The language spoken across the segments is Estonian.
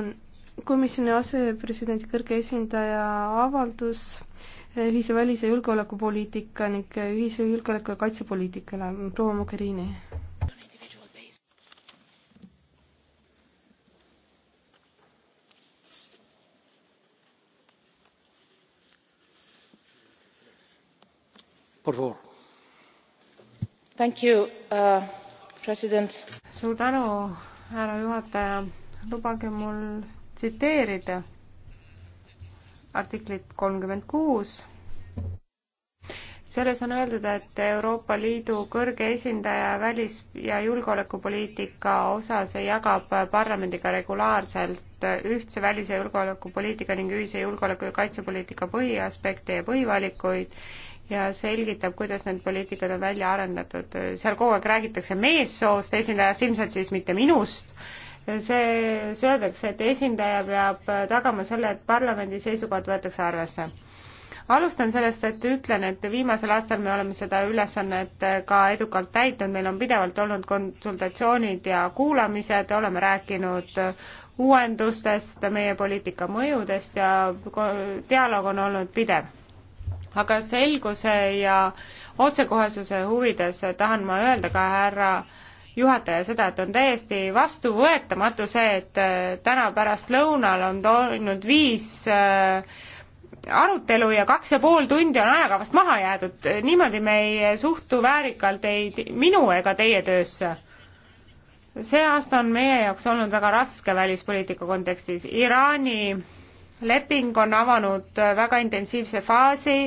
on komisjoni asepresidendi kõrge esindaja avaldus ühise välise julgeolekupoliitika ning ühise julgeoleku- ja kaitsepoliitikale, proua Mogherini. Uh, suur tänu, härra juhataja lubage mul tsiteerida artiklit kolmkümmend kuus. selles on öeldud, et Euroopa Liidu kõrge esindaja välis- ja julgeolekupoliitika osas jagab parlamendiga regulaarselt ühtse välis- ja julgeolekupoliitika ning ühise julgeoleku- ja kaitsepoliitika põhiaspekte ja põhivalikuid ja selgitab, kuidas need poliitikad on välja arendatud. seal kogu aeg räägitakse meessoost esindajast, ilmselt siis mitte minust see, öeldakse, et esindaja peab tagama selle, et parlamendi seisukohad võetakse arvesse alustan sellest, et ütlen, et viimasel aastal me oleme seda ülesannet ka edukalt täitnud, meil on pidevalt olnud konsultatsioonid ja kuulamised, oleme rääkinud uuendustest, meie poliitika mõjudest ja dialoog on olnud pidev. aga selguse ja otsekohesuse huvides tahan ma öelda ka härra äh, juhataja seda, et on täiesti vastuvõetamatu see, et äh, täna pärastlõunal on toonud viis äh, arutelu ja kaks ja pool tundi on ajakavast maha jäädud, niimoodi me ei suhtu väärikalt ei minu ega teie töösse. see aasta on meie jaoks olnud väga raske välispoliitika kontekstis, Iraani leping on avanud äh, väga intensiivse faasi,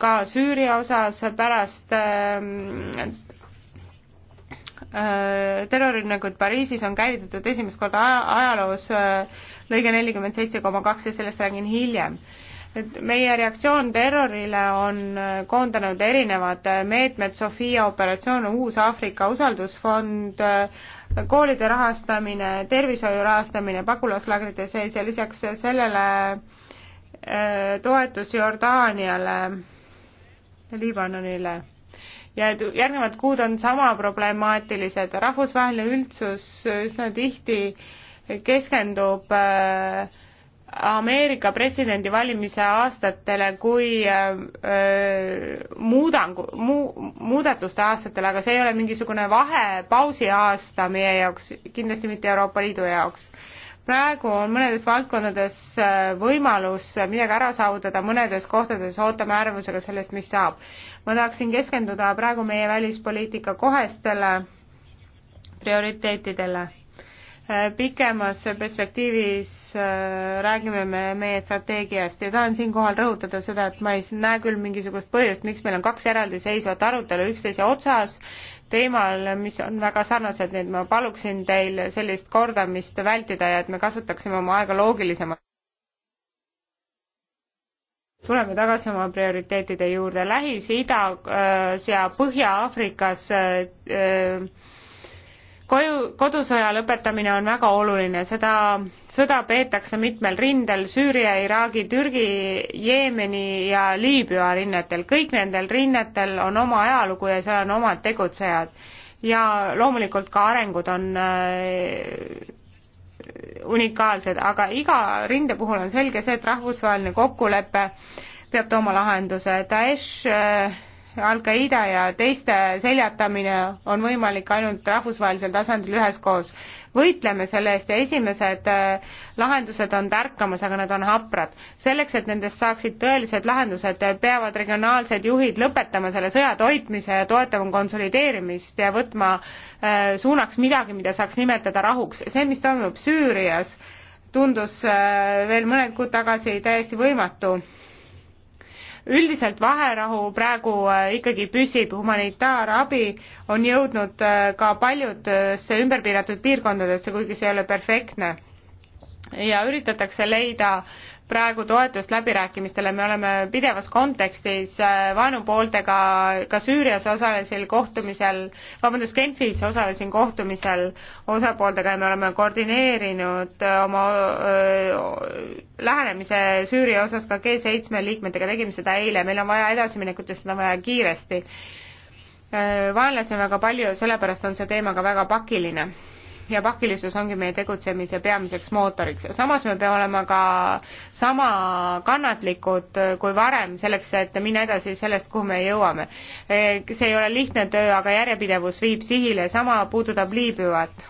ka Süüria osas pärast ähm, terrorirünnakut Pariisis on käivitatud esimest korda ajaloos äh, lõige nelikümmend seitse koma kaks ja sellest räägin hiljem. et meie reaktsioon terrorile on äh, koondanud erinevad äh, meetmed, Sofia operatsioon, uus Aafrika usaldusfond, koolide rahastamine, tervishoiu rahastamine pagulaslaagrite sees ja lisaks sellele toetus Jordaaniale, Liibanonile ja et järgnevad kuud on sama problemaatilised. rahvusvaheline üldsus üsna tihti keskendub äh, Ameerika presidendivalimise aastatele kui äh, muudangu, muu, muudatuste aastatele, aga see ei ole mingisugune vahepausi aasta meie jaoks, kindlasti mitte Euroopa Liidu jaoks praegu on mõnedes valdkondades äh, võimalus midagi ära saavutada, mõnedes kohtades ootame ärevusega sellest, mis saab ma tahaksin keskenduda praegu meie välispoliitika kohestele prioriteetidele. Äh, pikemas perspektiivis äh, räägime me meie strateegiast ja tahan siinkohal rõhutada seda, et ma ei näe küll mingisugust põhjust, miks meil on kaks eraldiseisvat arutelu üksteise otsas teemal, mis on väga sarnased, nii et ma paluksin teil sellist kordamist vältida ja et me kasutaksime oma aega loogilisemalt tuleme tagasi oma prioriteetide juurde. Lähis-Idas äh, ja Põhja-Aafrikas äh, äh, koju, kodusõja lõpetamine on väga oluline, seda sõda peetakse mitmel rindel, Süüria, Iraagi, Türgi, Jeemeni ja Liibüa rinnetel. kõik nendel rinnetel on oma ajalugu ja seal on omad tegutsejad. ja loomulikult ka arengud on unikaalsed, aga iga rinde puhul on selge see, et rahvusvaheline kokkulepe peab tooma lahenduse. Daesh, äh, Al-Qaeda ja teiste seljatamine on võimalik ainult rahvusvahelisel tasandil üheskoos võitleme selle eest ja esimesed äh, lahendused on tärkamas, aga nad on haprad. selleks, et nendest saaksid tõelised lahendused, peavad regionaalsed juhid lõpetama selle sõja toitmise ja toetama konsolideerimist ja võtma äh, suunaks midagi, mida saaks nimetada rahuks. see, mis toimub Süürias, tundus äh, veel mõned kuud tagasi täiesti võimatu üldiselt vaherahu praegu äh, ikkagi püsib, humanitaarabi on jõudnud äh, ka paljudesse ümberpiiratud piirkondadesse, kuigi see ei ole perfektne. ja üritatakse leida praegu toetust läbirääkimistele, me oleme pidevas kontekstis äh, vaenupooltega, ka Süürias osalesin kohtumisel, vabandust, Genfis osalesin kohtumisel osapooltega ja me oleme koordineerinud äh, oma öö, äh, lähenemise Süüria osas ka G7 liikmetega, tegime seda eile, meil on vaja edasiminekut ja seda on vaja kiiresti. vaenlasi on väga palju ja sellepärast on see teema ka väga pakiline ja pakilisus ongi meie tegutsemise peamiseks mootoriks. samas me peame olema ka sama kannatlikud kui varem, selleks et minna edasi sellest, kuhu me jõuame. see ei ole lihtne töö, aga järjepidevus viib sihile, sama puudutab Liibüat.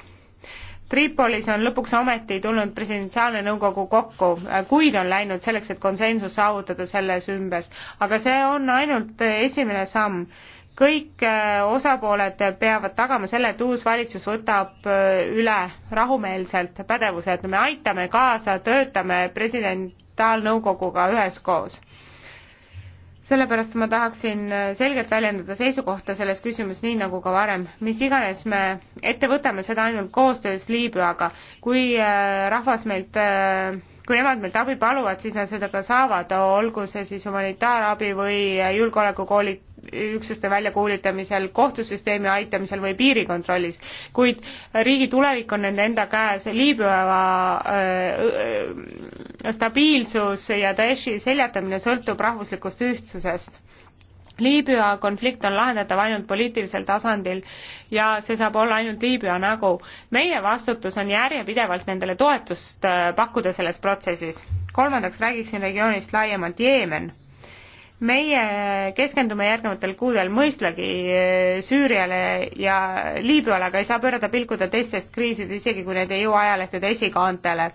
Tripolis on lõpuks ometi tulnud presidentsiaalne nõukogu kokku, kuid on läinud selleks, et konsensus saavutada selles ümbers, aga see on ainult esimene samm kõik äh, osapooled peavad tagama selle, et uus valitsus võtab äh, üle rahumeelselt pädevused, me aitame kaasa, töötame presidentaalnõukoguga üheskoos. sellepärast ma tahaksin äh, selgelt väljendada seisukohta selles küsimuses, nii nagu ka varem. mis iganes me ette võtame, seda ainult koostöös Liibüaga. kui rahvas meilt kui nemad meilt abi paluvad, siis nad seda ka saavad, olgu see siis humanitaarabi või julgeolekukoolid, üksuste väljakuulitamisel, kohtusüsteemi aitamisel või piirikontrollis, kuid riigi tulevik on nende enda käes, Liibüa äh, stabiilsus ja Daeshi seljatamine sõltub rahvuslikust ühtsusest Liibüa konflikt on lahendatav ainult poliitilisel tasandil ja see saab olla ainult Liibüa nägu. meie vastutus on järjepidevalt nendele toetust äh, pakkuda selles protsessis. kolmandaks räägiksin regioonist laiemalt, Jeemen meie keskendume järgnevatel kuudel mõistlagi eh, Süüriale ja Liibüale, aga ei saa pöörata pilkuda teistest kriisidest, isegi kui need ei jõua ajalehtede esikaantele.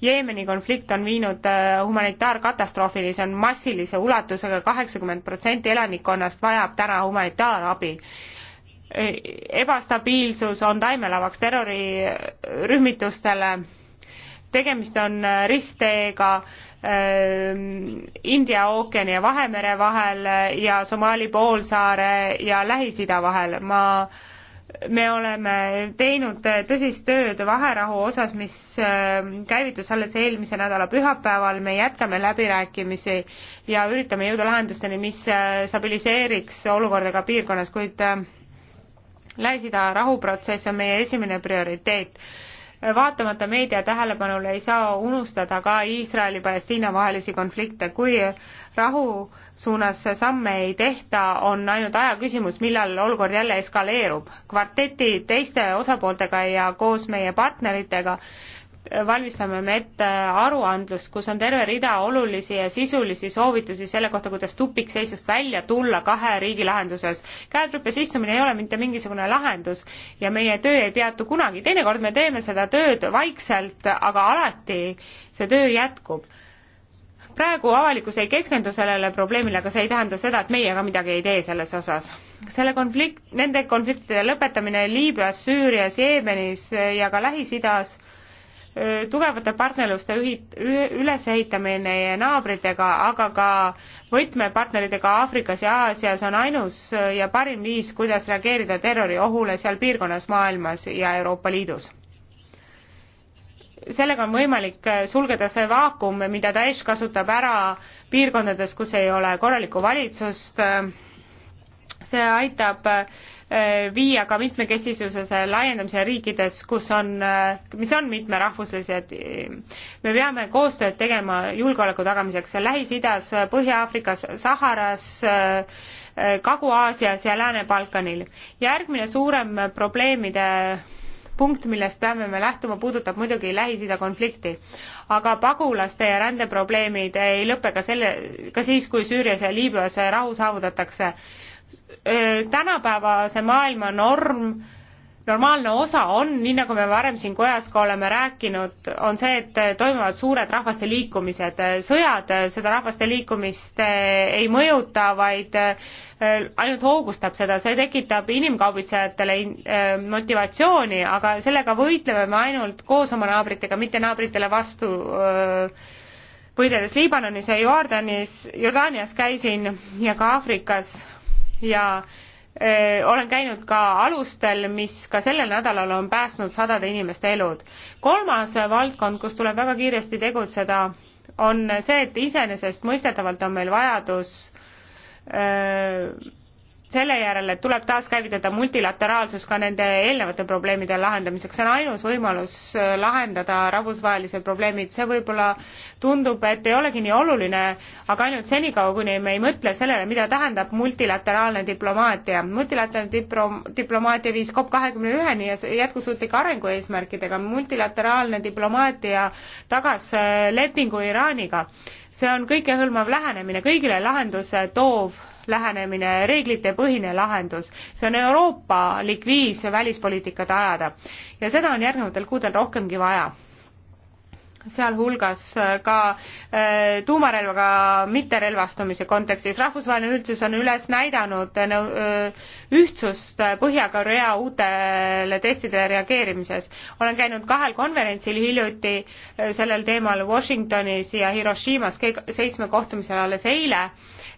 Jeemeni konflikt on viinud eh, humanitaarkatastroofini, see on massilise ulatusega, kaheksakümmend protsenti elanikkonnast vajab täna humanitaarabi eh, ebastabiilsus on taimelavaks terrorirühmitustele, tegemist on ristteega Ähm, India ookeani ja Vahemere vahel ja Somaali poolsaare ja Lähis-Ida vahel. ma, me oleme teinud tõsist tööd vaherahu osas, mis ähm, käivitus alles eelmise nädala pühapäeval, me jätkame läbirääkimisi ja üritame jõuda lahendusteni, mis äh, stabiliseeriks olukorda ka piirkonnas, kuid äh, Lähis-Ida rahuprotsess on meie esimene prioriteet vaatamata meedia tähelepanule ei saa unustada ka Iisraeli-Palestiina vahelisi konflikte. kui rahu suunas samme ei tehta, on ainult aja küsimus, millal olukord jälle eskaleerub. kvarteti teiste osapooltega ja koos meie partneritega valmistame me ette aruandlust, kus on terve rida olulisi ja sisulisi soovitusi selle kohta, kuidas tupikseisust välja tulla kahe riigi lahenduses. käed-rüppes istumine ei ole mitte mingisugune lahendus ja meie töö ei peatu kunagi, teinekord me teeme seda tööd vaikselt, aga alati see töö jätkub. praegu avalikkus ei keskendu sellele probleemile, aga see ei tähenda seda, et meie ka midagi ei tee selles osas. selle konflikt, nende konfliktide lõpetamine Liibüas, Süürias, Jeemenis ja ka Lähis-Idas tugevate partnerluste ühit-, ülesehitamine naabritega, aga ka võtmepartneritega Aafrikas ja Aasias on ainus äh, ja parim viis, kuidas reageerida terroriohule seal piirkonnas maailmas ja Euroopa Liidus. sellega on võimalik äh, sulgeda see vaakum, mida Daesh kasutab ära piirkondades, kus ei ole korralikku valitsust, äh, see aitab Äh, viia ka mitmekesisuse laiendamise riikides, kus on, äh, mis on mitmerahvuslised. me peame koostööd tegema julgeoleku tagamiseks Lähis-Idas, Põhja-Aafrikas, Saharas, äh, Kagu-Aasias ja Lääne-Balkanil. järgmine suurem probleemide punkt, millest peame me lähtuma, puudutab muidugi Lähis-Ida konflikti. aga pagulaste ja rändeprobleemid ei lõpe ka selle, ka siis, kui Süürias ja Liibüas rahu saavutatakse. Äh, tänapäevase maailma norm, normaalne osa on, nii nagu me varem siin kojas ka oleme rääkinud, on see, et toimuvad suured rahvaste liikumised. sõjad seda rahvaste liikumist äh, ei mõjuta, vaid äh, ainult hoogustab seda, see tekitab inimkaubitsejatele motivatsiooni, aga sellega võitleme me ainult koos oma naabritega, mitte naabritele vastu võideldes Liibanonis ja Jordanis, Jordaanias käisin ja ka Aafrikas ja öö, olen käinud ka alustel, mis ka sellel nädalal on päästnud sadade inimeste elud. kolmas valdkond, kus tuleb väga kiiresti tegutseda, on see, et iseenesestmõistetavalt on meil vajadus öö, selle järel, et tuleb taaskäivitada multilateraalsus ka nende eelnevate probleemide lahendamiseks, see on ainus võimalus äh, lahendada rahvusvahelised probleemid, see võib-olla tundub, et ei olegi nii oluline, aga ainult senikaua, kuni me ei mõtle sellele, mida tähendab multilateraalne diplomaatia. multilateraalne diplo-, diplomaatia viis COP kahekümne üheni ja jätkusuutlike arengueesmärkidega, multilateraalne diplomaatia tagas äh, lepingu Iraaniga see on kõikehõlmav lähenemine, kõigile lahenduse toov lähenemine, reeglitepõhine lahendus. see on euroopalik viis välispoliitikat ajada ja seda on järgnevatel kuudel rohkemgi vaja sealhulgas ka äh, tuumarelvaga mitterelvastumise kontekstis. rahvusvaheline üldsus on üles näidanud äh, ühtsust Põhja-Korea uutele testidele reageerimises. olen käinud kahel konverentsil hiljuti äh, sellel teemal Washingtonis ja Hiroshimas seitsme kohtumisel alles eile äh,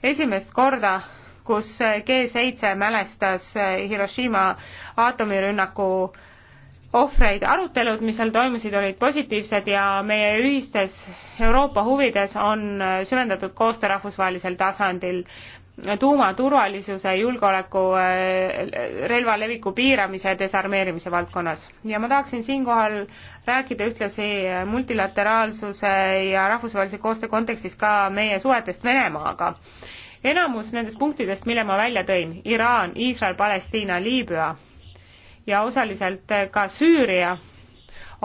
esimest korda, kus G7 mälestas Hiroshima aatomirünnaku ohvreid. arutelud, mis seal toimusid, olid positiivsed ja meie ühistes Euroopa huvides on süvendatud koostöö rahvusvahelisel tasandil tuumaturvalisuse, julgeoleku, äh, relvaleviku piiramise ja desarmeerimise valdkonnas. ja ma tahaksin siinkohal rääkida ühtlasi multilateraalsuse ja rahvusvahelise koostöö kontekstis ka meie suhetest Venemaaga. enamus nendest punktidest, mille ma välja tõin, Iraan, Iisrael, Palestiina, Liibüa ja osaliselt ka Süüria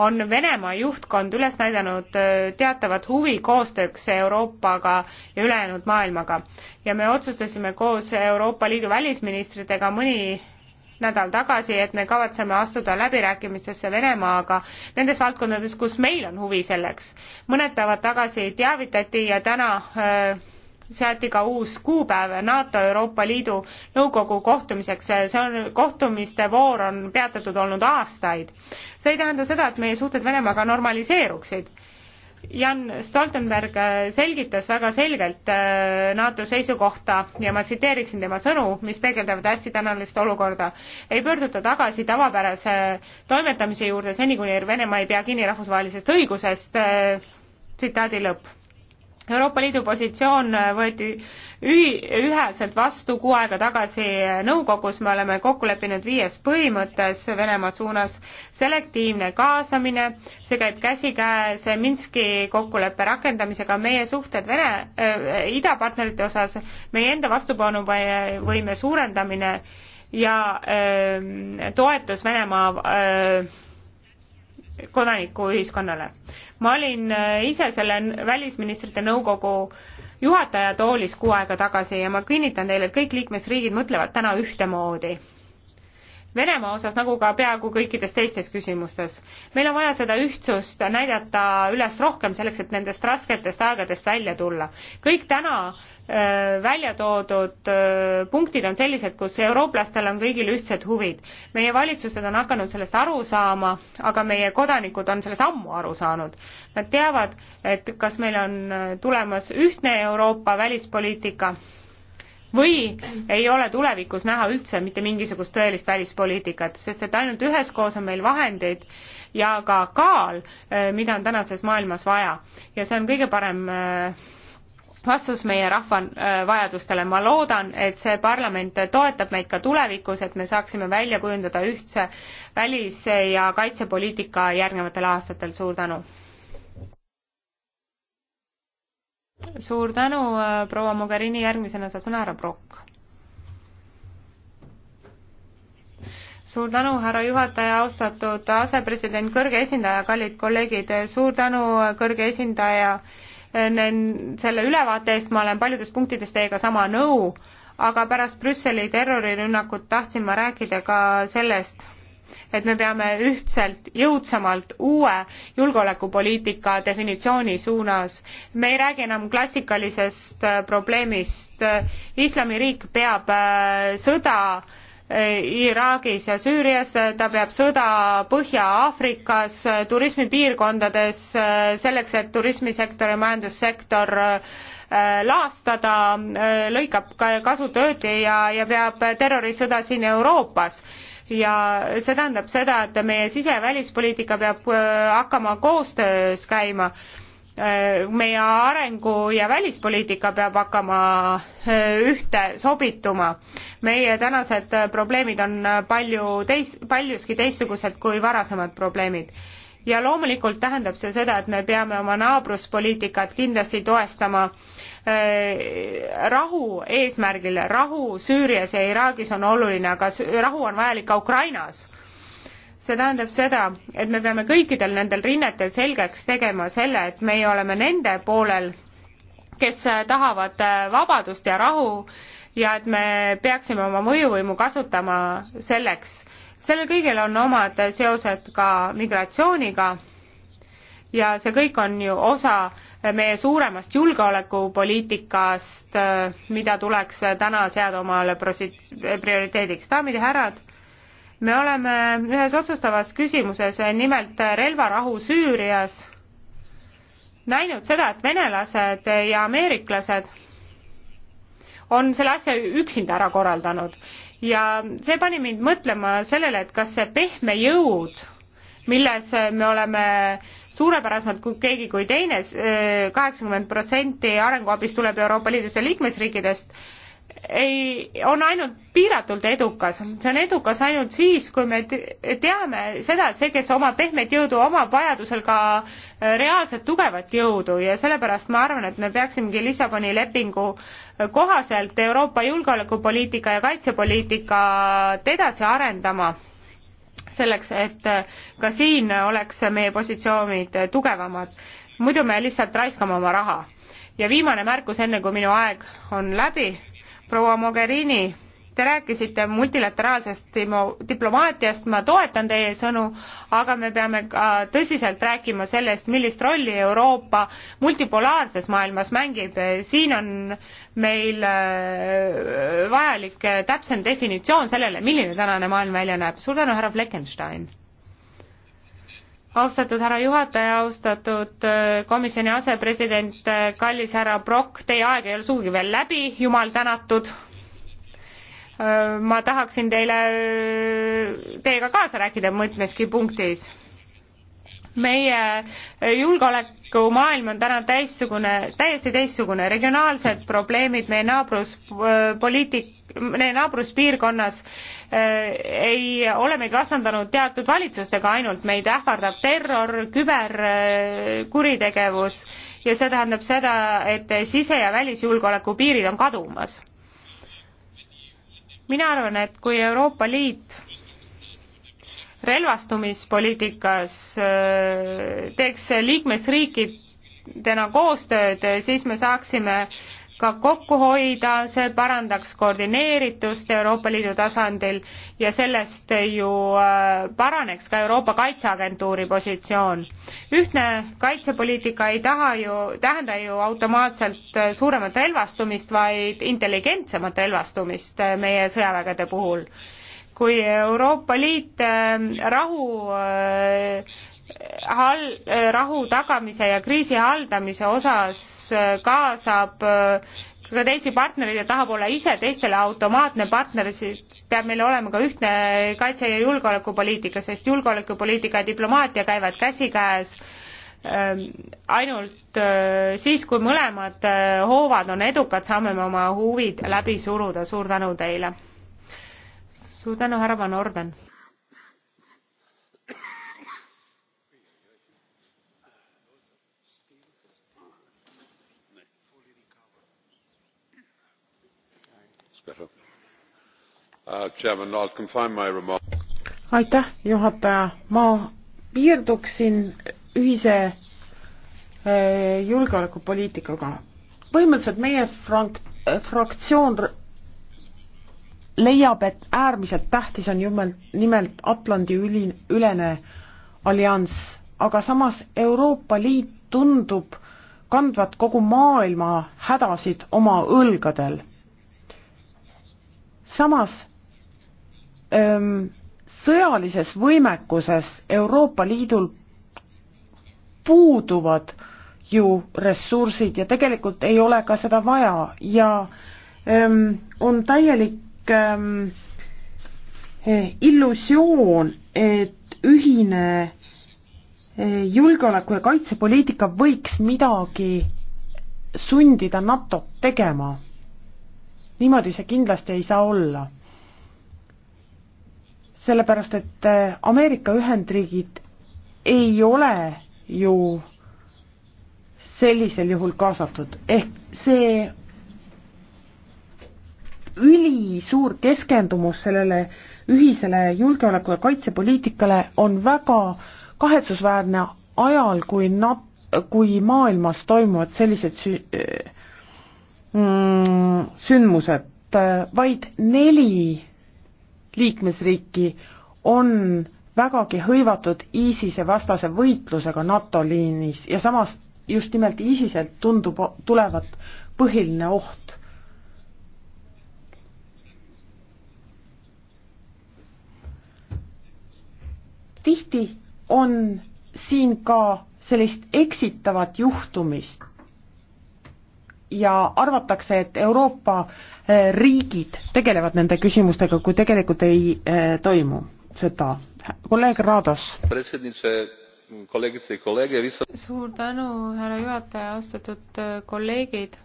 on Venemaa juhtkond üles näidanud äh, teatavat huvi koostööks Euroopaga ja ülejäänud maailmaga. ja me otsustasime koos Euroopa Liidu välisministritega mõni nädal tagasi, et me kavatseme astuda läbirääkimistesse Venemaaga nendes valdkondades, kus meil on huvi selleks. mõned päevad tagasi teavitati ja täna öö, äh, seati ka uus kuupäev NATO Euroopa Liidu Nõukogu kohtumiseks, see on, kohtumiste voor on peatatud olnud aastaid. see ei tähenda seda, et meie suhted Venemaaga normaliseeruksid. Jan Stoltenberg äh, selgitas väga selgelt äh, NATO seisukohta ja ma tsiteeriksin tema sõnu, mis peegeldavad hästi tänalist olukorda. ei pöörduta tagasi tavapärase äh, toimetamise juurde seni, kuni Venemaa ei pea kinni rahvusvahelisest õigusest, tsitaadi lõpp Euroopa Liidu positsioon võeti ühi-, üheselt vastu kuu aega tagasi nõukogus, me oleme kokku leppinud viies põhimõttes Venemaa suunas selektiivne kaasamine, see käib käsikäes Minski kokkuleppe rakendamisega, meie suhted Vene äh,, idapartnerite osas, meie enda vastupanuvõime suurendamine ja äh, toetus Venemaa äh, kodanikuühiskonnale. ma olin äh, ise selle välisministrite nõukogu juhataja toolis kuu aega tagasi ja ma kinnitan teile, et kõik liikmesriigid mõtlevad täna ühtemoodi. Venemaa osas, nagu ka peaaegu kõikides teistes küsimustes. meil on vaja seda ühtsust näidata üles rohkem selleks, et nendest rasketest aegadest välja tulla. kõik täna äh, Äh, välja toodud äh, punktid on sellised, kus eurooplastel on kõigil ühtsed huvid. meie valitsused on hakanud sellest aru saama, aga meie kodanikud on sellest ammu aru saanud. Nad teavad, et kas meil on äh, tulemas ühtne Euroopa välispoliitika või ei ole tulevikus näha üldse mitte mingisugust tõelist välispoliitikat, sest et ainult üheskoos on meil vahendeid ja ka kaal, mida on tänases maailmas vaja. ja see on kõige parem vastus meie rahva äh, vajadustele. ma loodan, et see parlament toetab meid ka tulevikus, et me saaksime välja kujundada ühtse välis- ja kaitsepoliitika järgnevatel aastatel. suur tänu! suur tänu, äh, proua Mogherini, järgmisena saab sõna härra Brock. suur tänu, härra juhataja, austatud asepresident, kõrge esindaja, kallid kolleegid, suur tänu, kõrge esindaja äh, selle ülevaate eest, ma olen paljudes punktides teiega sama nõu, aga pärast Brüsseli terrorirünnakut tahtsin ma rääkida ka sellest, et me peame ühtselt jõudsamalt uue julgeolekupoliitika definitsiooni suunas. me ei räägi enam klassikalisest äh, probleemist, äh, islamiriik peab äh, sõda Iraagis ja Süürias, ta peab sõda Põhja-Aafrikas, turismipiirkondades, selleks et turismisektor ja majandussektor äh, laastada, äh, lõikab ka kasutöödi ja, ja peab terrorisõda siin Euroopas ja see tähendab seda, et meie sise- ja välispoliitika peab äh, hakkama koostöös käima Äh, meie arengu- ja välispoliitika peab hakkama äh, ühte sobituma. meie tänased äh, probleemid on palju teis-, paljuski teistsugused kui varasemad probleemid. ja loomulikult tähendab see seda, et me peame oma naabruspoliitikat kindlasti toestama rahu eesmärgil, rahu Süürias ja Iraagis on oluline, aga rahu on vajalik ka Ukrainas see tähendab seda, et me peame kõikidel nendel rinnetel selgeks tegema selle, et meie oleme nende poolel, kes tahavad äh, vabadust ja rahu ja et me peaksime oma mõjuvõimu kasutama selleks. sellel kõigel on omad seosed ka migratsiooniga ja see kõik on ju osa meie suuremast julgeolekupoliitikast, äh, mida tuleks äh, täna seada omale prioriteediks. daamid ja härrad, me oleme ühes otsustavas küsimuses, nimelt relvarahu Süürias, näinud seda, et venelased ja ameeriklased on selle asja üksinda ära korraldanud ja see pani mind mõtlema sellele, et kas see pehme jõud, milles me oleme suurepärasemalt kui keegi kui teine, kaheksakümmend protsenti arenguabist tuleb Euroopa Liidust ja liikmesriikidest, ei, on ainult piiratult edukas, see on edukas ainult siis, kui me teame seda, et see, kes omab pehmet jõudu, omab vajadusel ka äh, reaalset tugevat jõudu ja sellepärast ma arvan, et me peaksimegi Lissaboni lepingu äh, kohaselt Euroopa julgeolekupoliitika ja kaitsepoliitikat edasi arendama, selleks et äh, ka siin oleks meie positsioonid tugevamad. muidu me lihtsalt raiskame oma raha. ja viimane märkus, enne kui minu aeg on läbi proua Mogherini, te rääkisite multilateraalsest diplomaatiast, ma toetan teie sõnu, aga me peame ka tõsiselt rääkima sellest, millist rolli Euroopa multipolaarses maailmas mängib. siin on meil äh, vajalik äh, täpsem definitsioon sellele, milline tänane maailm välja näeb. suur tänu, härra Fleckenstein! austatud härra juhataja, austatud äh, komisjoni asepresident, äh, kallis härra Brock, teie aeg ei ole sugugi veel läbi, jumal tänatud. Äh, ma tahaksin teile, teiega kaasa rääkida mõtmeski punktis. meie julgeolekumaailm on täna teistsugune, täiesti teistsugune, regionaalsed probleemid, meie naabruspoliitik, meie naabruspiirkonnas äh, ei ole meid vastandanud teatud valitsustega ainult, meid ähvardab terror, küberkuritegevus äh, ja see tähendab seda, et sise- ja välisjulgeoleku piirid on kadumas. mina arvan, et kui Euroopa Liit relvastumispoliitikas äh, teeks liikmesriikidena koostööd, siis me saaksime äh, ka kokku hoida, see parandaks koordineeritust Euroopa Liidu tasandil ja sellest ju äh, paraneks ka Euroopa Kaitseagentuuri positsioon. ühtne kaitsepoliitika ei taha ju, tähenda ju automaatselt äh, suuremat relvastumist, vaid intelligentsemat relvastumist äh, meie sõjavägede puhul kui Euroopa Liit rahu hal-, rahu tagamise ja kriisi haldamise osas äh, kaasab äh, ka teisi partnereid ja tahab olla ise teistele automaatne partner, siis peab meil olema ka ühtne kaitse- ja julgeolekupoliitika, sest julgeolekupoliitika ja diplomaatia käivad käsikäes ähm, ainult äh, siis, kui mõlemad hoovad on edukad, saame me oma huvid läbi suruda, suur tänu teile! suur tänu, härra Van Orden! Uh, aitäh, juhataja, ma piirduksin ühise äh, julgeolekupoliitikaga. põhimõtteliselt meie frank-, äh, fraktsioon leiab, et äärmiselt tähtis on jumelt, nimelt Atlandi üli, ülene allianss, aga samas Euroopa Liit tundub kandvat kogu maailma hädasid oma õlgadel. samas sõjalises võimekuses Euroopa Liidul puuduvad ju ressursid ja tegelikult ei ole ka seda vaja ja öm, on täielik öm, illusioon, et ühine e, julgeoleku- ja kaitsepoliitika võiks midagi sundida NATO-t tegema. niimoodi see kindlasti ei saa olla sellepärast et äh, Ameerika Ühendriigid ei ole ju sellisel juhul kaasatud, ehk see ülisuur keskendumus sellele ühisele julgeoleku- ja kaitsepoliitikale on väga kahetsusväärne ajal, kui nat-, kui maailmas toimuvad sellised sü-, äh, mm, sündmused, vaid neli liikmesriiki on vägagi hõivatud ISISe vastase võitlusega NATO liinis ja samas just nimelt ISISelt tundub tulevat põhiline oht. tihti on siin ka sellist eksitavat juhtumist, ja arvatakse, et Euroopa eh, riigid tegelevad nende küsimustega, kui tegelikult ei eh, toimu seda. kolleeg Raados. suur tänu, härra juhataja, austatud eh, kolleegid.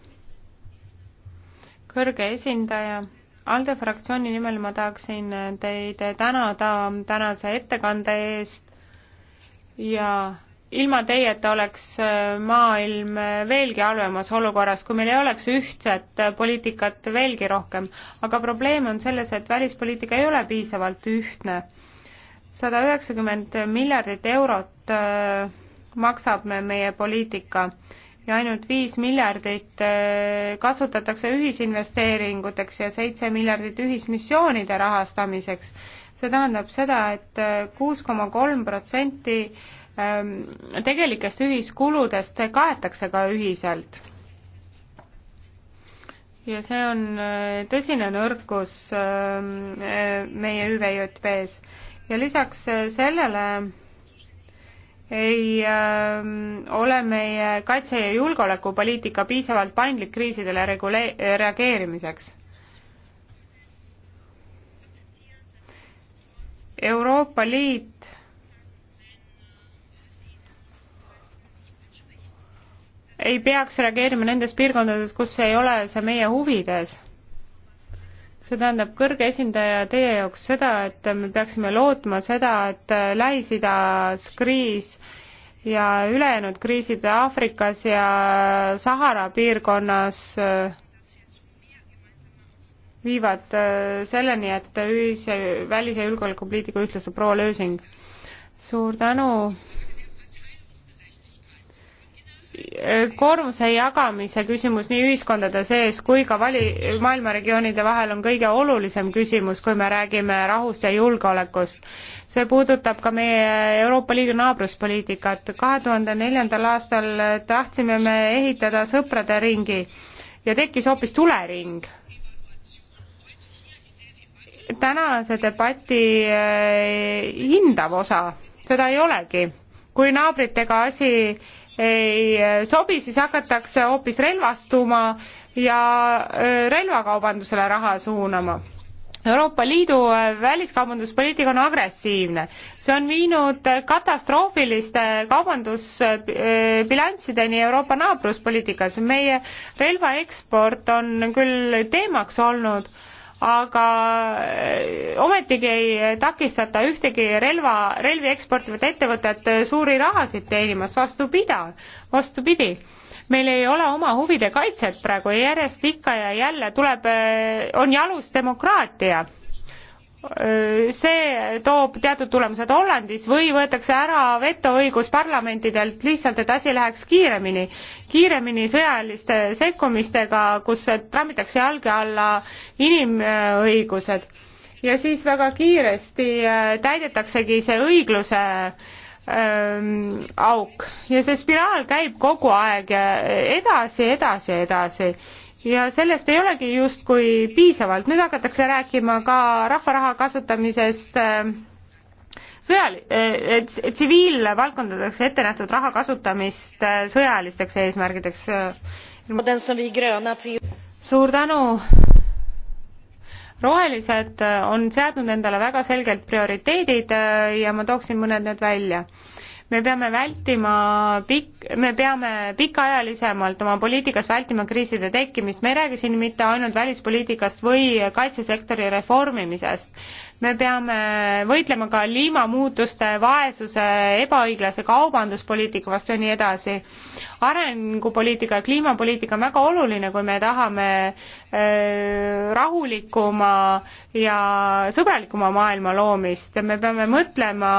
kõrge esindaja, ALDE fraktsiooni nimel ma tahaksin teid tänada tänase ettekande eest ja ilma teieta oleks äh, maailm äh, veelgi halvemas olukorras, kui meil ei oleks ühtset äh, poliitikat veelgi rohkem. aga probleem on selles, et välispoliitika ei ole piisavalt ühtne. sada üheksakümmend miljardit eurot maksab me meie poliitika ja ainult viis miljardit kasutatakse ühisinvesteeringuteks ja seitse miljardit ühismissioonide rahastamiseks see tähendab seda et, et äh, kuus koma kolm protsenti ähm, tegelikest ühiskuludest kaetakse ka ühiselt. ja see on äh, tõsine nõrkus ähm, äh, meie ÜVJP-s ja lisaks sellele ei äh, ole meie kaitse- ja julgeolekupoliitika piisavalt paindlik kriisidele regule-, reageerimiseks Euroopa Liit ei peaks reageerima nendes piirkondades, kus ei ole see meie huvides. see tähendab, kõrge esindaja, teie jaoks seda, et me peaksime lootma seda, et Lähis-Idas kriis ja ülejäänud kriisid Aafrikas ja Sahara piirkonnas viivad äh, selleni, et ühise välis- ja julgeolekupoliitika ühtlustab proua Lösing. suur tänu. koormuse jagamise küsimus nii ühiskondade sees kui ka vali-, maailma regioonide vahel on kõige olulisem küsimus, kui me räägime rahust ja julgeolekust. see puudutab ka meie Euroopa Liidu naabruspoliitikat. kahe tuhande neljandal aastal tahtsime me ehitada sõprade ringi ja tekkis hoopis tulering tänase debati äh, hindav osa, seda ei olegi. kui naabritega asi ei äh, sobi, siis hakatakse hoopis relvastuma ja äh, relvakaubandusele raha suunama. Euroopa Liidu väliskaubanduspoliitika on agressiivne. see on viinud katastroofiliste kaubandusbilanssideni Euroopa naabruspoliitikas. meie relvaeksport on küll teemaks olnud, aga eh, ometigi ei takistata ühtegi relva, relvi eksportivat ettevõtet eh, suuri rahasid teenimast, vastupida, vastupidi meil ei ole oma huvide kaitset praegu, järjest ikka ja jälle tuleb, eh, on jalus demokraatia see toob teatud tulemused Hollandis või võetakse ära vetoõigus parlamentidelt lihtsalt, et asi läheks kiiremini, kiiremini sõjaliste sekkumistega, kus trammitakse jalge alla inimõigused. ja siis väga kiiresti täidetaksegi see õigluse ähm, auk ja see spiraal käib kogu aeg edasi, edasi, edasi ja sellest ei olegi justkui piisavalt, nüüd hakatakse rääkima ka rahva raha kasutamisest äh, sõjal-, äh, tsiviilvaldkondadeks ette nähtud raha kasutamist äh, sõjalisteks eesmärgideks. suur tänu! rohelised on seadnud endale väga selged prioriteedid ja ma tooksin mõned need välja me peame vältima pikk, me peame pikaajalisemalt oma poliitikas vältima kriiside tekkimist, me ei räägi siin mitte ainult välispoliitikast või kaitsesektori reformimisest, me peame võitlema ka kliimamuutuste, vaesuse, ebaõiglase kaubanduspoliitika vastu ja nii edasi. arengupoliitika ja kliimapoliitika on väga oluline, kui me tahame äh, rahulikuma ja sõbralikuma maailma loomist ja me peame mõtlema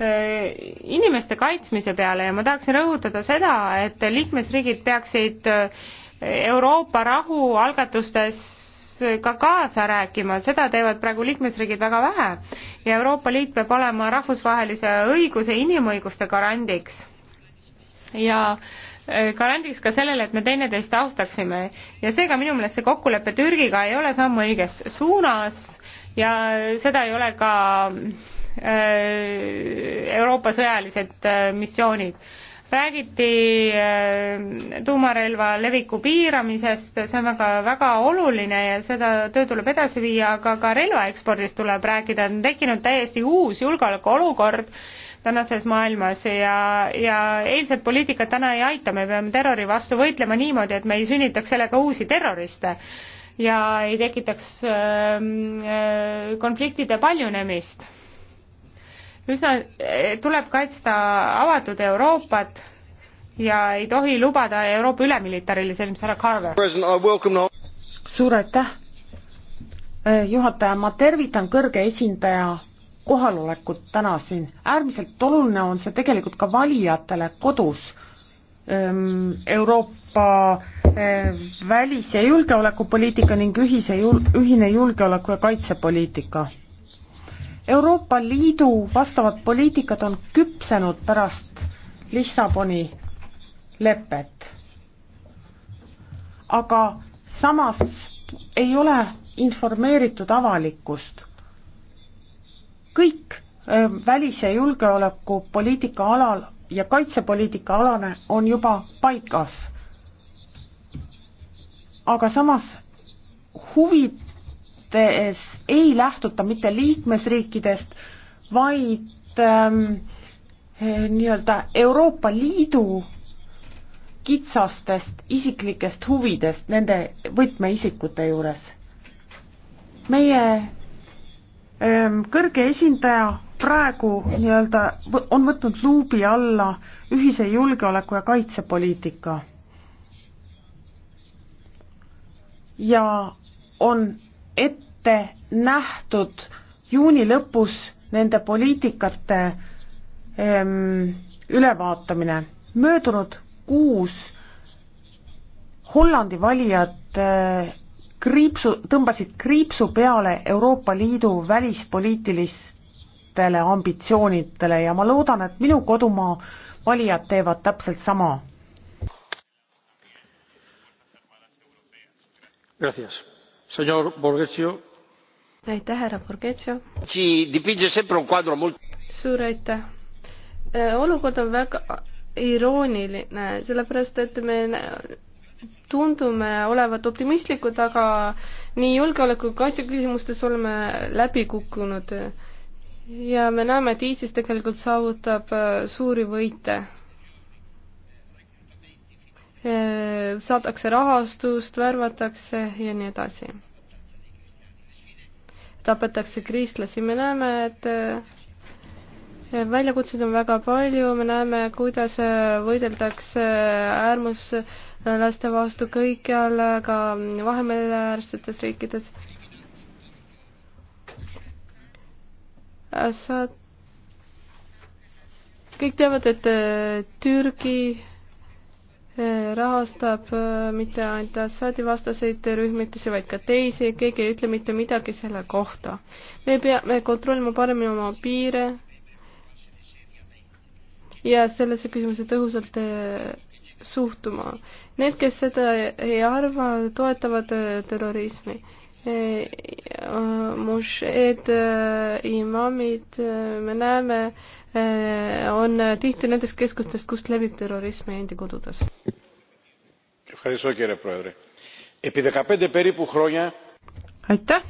Äh, inimeste kaitsmise peale ja ma tahaksin rõhutada seda, et liikmesriigid peaksid äh, Euroopa rahualgatustes ka kaasa rääkima, seda teevad praegu liikmesriigid väga vähe. ja Euroopa Liit peab olema rahvusvahelise õiguse inimõiguste garandiks. ja äh, garandiks ka sellele, et me teineteist austaksime ja seega minu meelest see kokkulepe Türgiga ei ole samm õiges suunas ja seda ei ole ka Äh, Euroopa sõjalised äh, missioonid. räägiti äh, tuumarelva leviku piiramisest, see on väga, väga oluline ja seda töö tuleb edasi viia, aga ka relvaekspordist tuleb rääkida, on tekkinud täiesti uus julgeolekuolukord tänases maailmas ja, ja eilset poliitikat täna ei aita, me peame terrori vastu võitlema niimoodi, et me ei sünnitaks sellega uusi terroriste ja ei tekitaks ähm, äh, konfliktide paljunemist üsna, tuleb kaitsta avatud Euroopat ja ei tohi lubada Euroopa ülemilitariliseks, härra Carver. suur aitäh, eh, juhataja, ma tervitan kõrge esindaja kohalolekut täna siin, äärmiselt oluline on see tegelikult ka valijatele kodus ehm, Euroopa eh, välis- ja julgeolekupoliitika ning ühise jul-, ühine julgeoleku- ja kaitsepoliitika Euroopa Liidu vastavad poliitikad on küpsenud pärast Lissaboni lepet. aga samas ei ole informeeritud avalikkust. kõik välis- ja julgeolekupoliitika alal ja kaitsepoliitika alane on juba paigas. aga samas huvid otsustes ei lähtuta mitte liikmesriikidest, vaid ähm, eh, nii-öelda Euroopa Liidu kitsastest isiklikest huvidest nende võtmeisikute juures. meie ähm, kõrge esindaja praegu nii-öelda on võtnud luubi alla ühise julgeoleku ja kaitsepoliitika. ja on ette nähtud juuni lõpus nende poliitikate ähm, ülevaatamine. möödunud kuus Hollandi valijad äh, kriipsu, tõmbasid kriipsu peale Euroopa Liidu välispoliitilistele ambitsioonidele ja ma loodan, et minu kodumaa valijad teevad täpselt sama. Gracias aitäh, härra Borghezio! suur aitäh! Äh, olukord on väga irooniline, sellepärast et me tundume olevat optimistlikud, aga nii julgeoleku kui kaitse küsimustes oleme läbi kukkunud. ja me näeme, et ISIS tegelikult saavutab äh, suuri võite Äh, saadakse rahastust, värvatakse ja nii edasi. tapetakse kristlasi, me näeme, et äh, väljakutseid on väga palju, me näeme, kuidas äh, võideldakse äärmuslaste vastu kõikjal, ka Vahemere äärsetes riikides. Assad kõik teavad, et Türgi rahastab äh, mitte ainult Assadi vastaseid rühmitusi, vaid ka teisi, keegi ei ütle mitte midagi selle kohta. me peame kontrollima paremini oma piire ja sellesse küsimusse tõhusalt äh, suhtuma. Need, kes seda ei arva, toetavad äh, terrorismi. Mošeed, imamid, me näeme, Äh, on tihti nendest keskustest, kust levib terrorism ja endi kodudes. aitäh,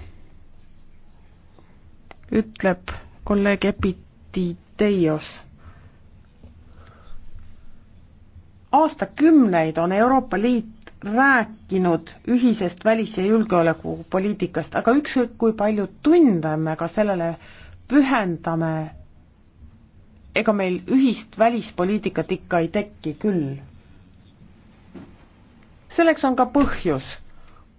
ütleb kolleeg Epitideios. aastakümneid on Euroopa Liit rääkinud ühisest välis- ja julgeolekupoliitikast, aga ükskõik kui palju tunde me ka sellele pühendame, ega meil ühist välispoliitikat ikka ei teki küll. selleks on ka põhjus.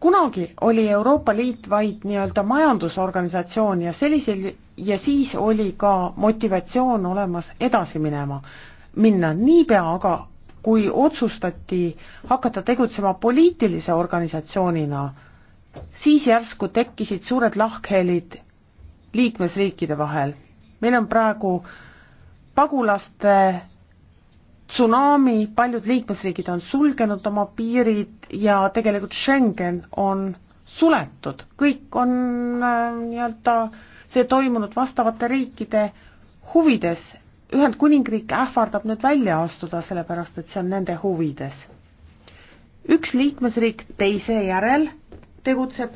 kunagi oli Euroopa Liit vaid nii-öelda majandusorganisatsioon ja sellisel ja siis oli ka motivatsioon olemas edasi minema, minna, niipea aga kui otsustati hakata tegutsema poliitilise organisatsioonina, siis järsku tekkisid suured lahkhelid liikmesriikide vahel. meil on praegu äh, pagulaste tsunami, paljud liikmesriigid on sulgenud oma piirid ja tegelikult Schengen on suletud, kõik on äh, nii-öelda see toimunud vastavate riikide huvides. Ühendkuningriik ähvardab nüüd välja astuda, sellepärast et see on nende huvides. üks liikmesriik teise järel tegutseb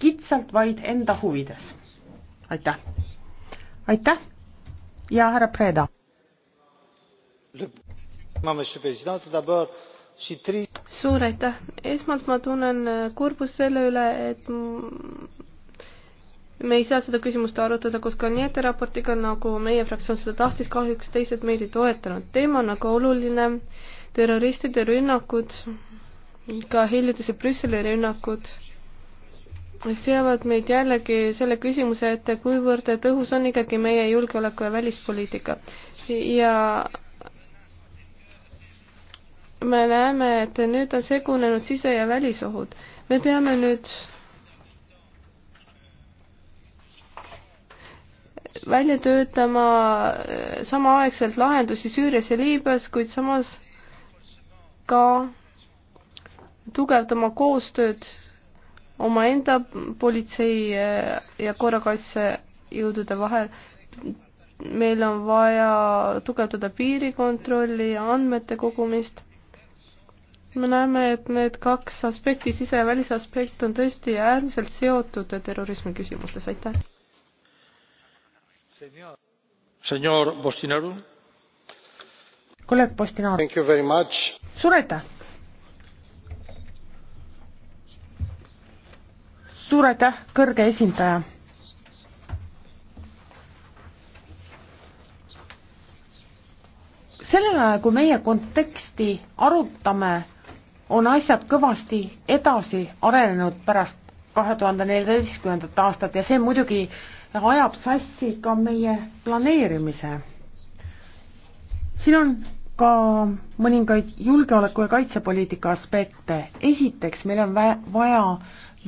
kitsalt vaid enda huvides. aitäh! aitäh! ja härra Preda. suur aitäh, esmalt ma tunnen äh, kurbust selle üle, et me ei saa seda küsimust arutada koos Kalniete raportiga, nagu meie fraktsioon seda tahtis, kahjuks teised meid ei toetanud. teema on aga oluline, terroristide rünnakud, ka hiljutised Brüsseli rünnakud seavad meid jällegi selle küsimuse ette, kuivõrd tõhus on ikkagi meie julgeoleku ja välispoliitika. ja me näeme, et nüüd on segunenud sise- ja välisohud. me peame nüüd välja töötama samaaegselt lahendusi Süürias ja Liibüas, kuid samas ka tugevdama koostööd omaenda politsei eh, ja korrakaitsejõudude vahel. meil on vaja tugevdada piirikontrolli ja andmete kogumist. me näeme, et need kaks aspekti, sise- ja välisaspekt, on tõesti äärmiselt seotud terrorismi küsimustes, aitäh. kolleeg Postinaar. suur aitäh suur aitäh, kõrge esindaja. sellel ajal, kui meie konteksti arutame, on asjad kõvasti edasi arenenud pärast kahe tuhande neljateistkümnendat aastat ja see muidugi ajab sassi ka meie planeerimise. siin on ka mõningaid julgeoleku- ja kaitsepoliitika aspekte. esiteks, meil on vä-, vaja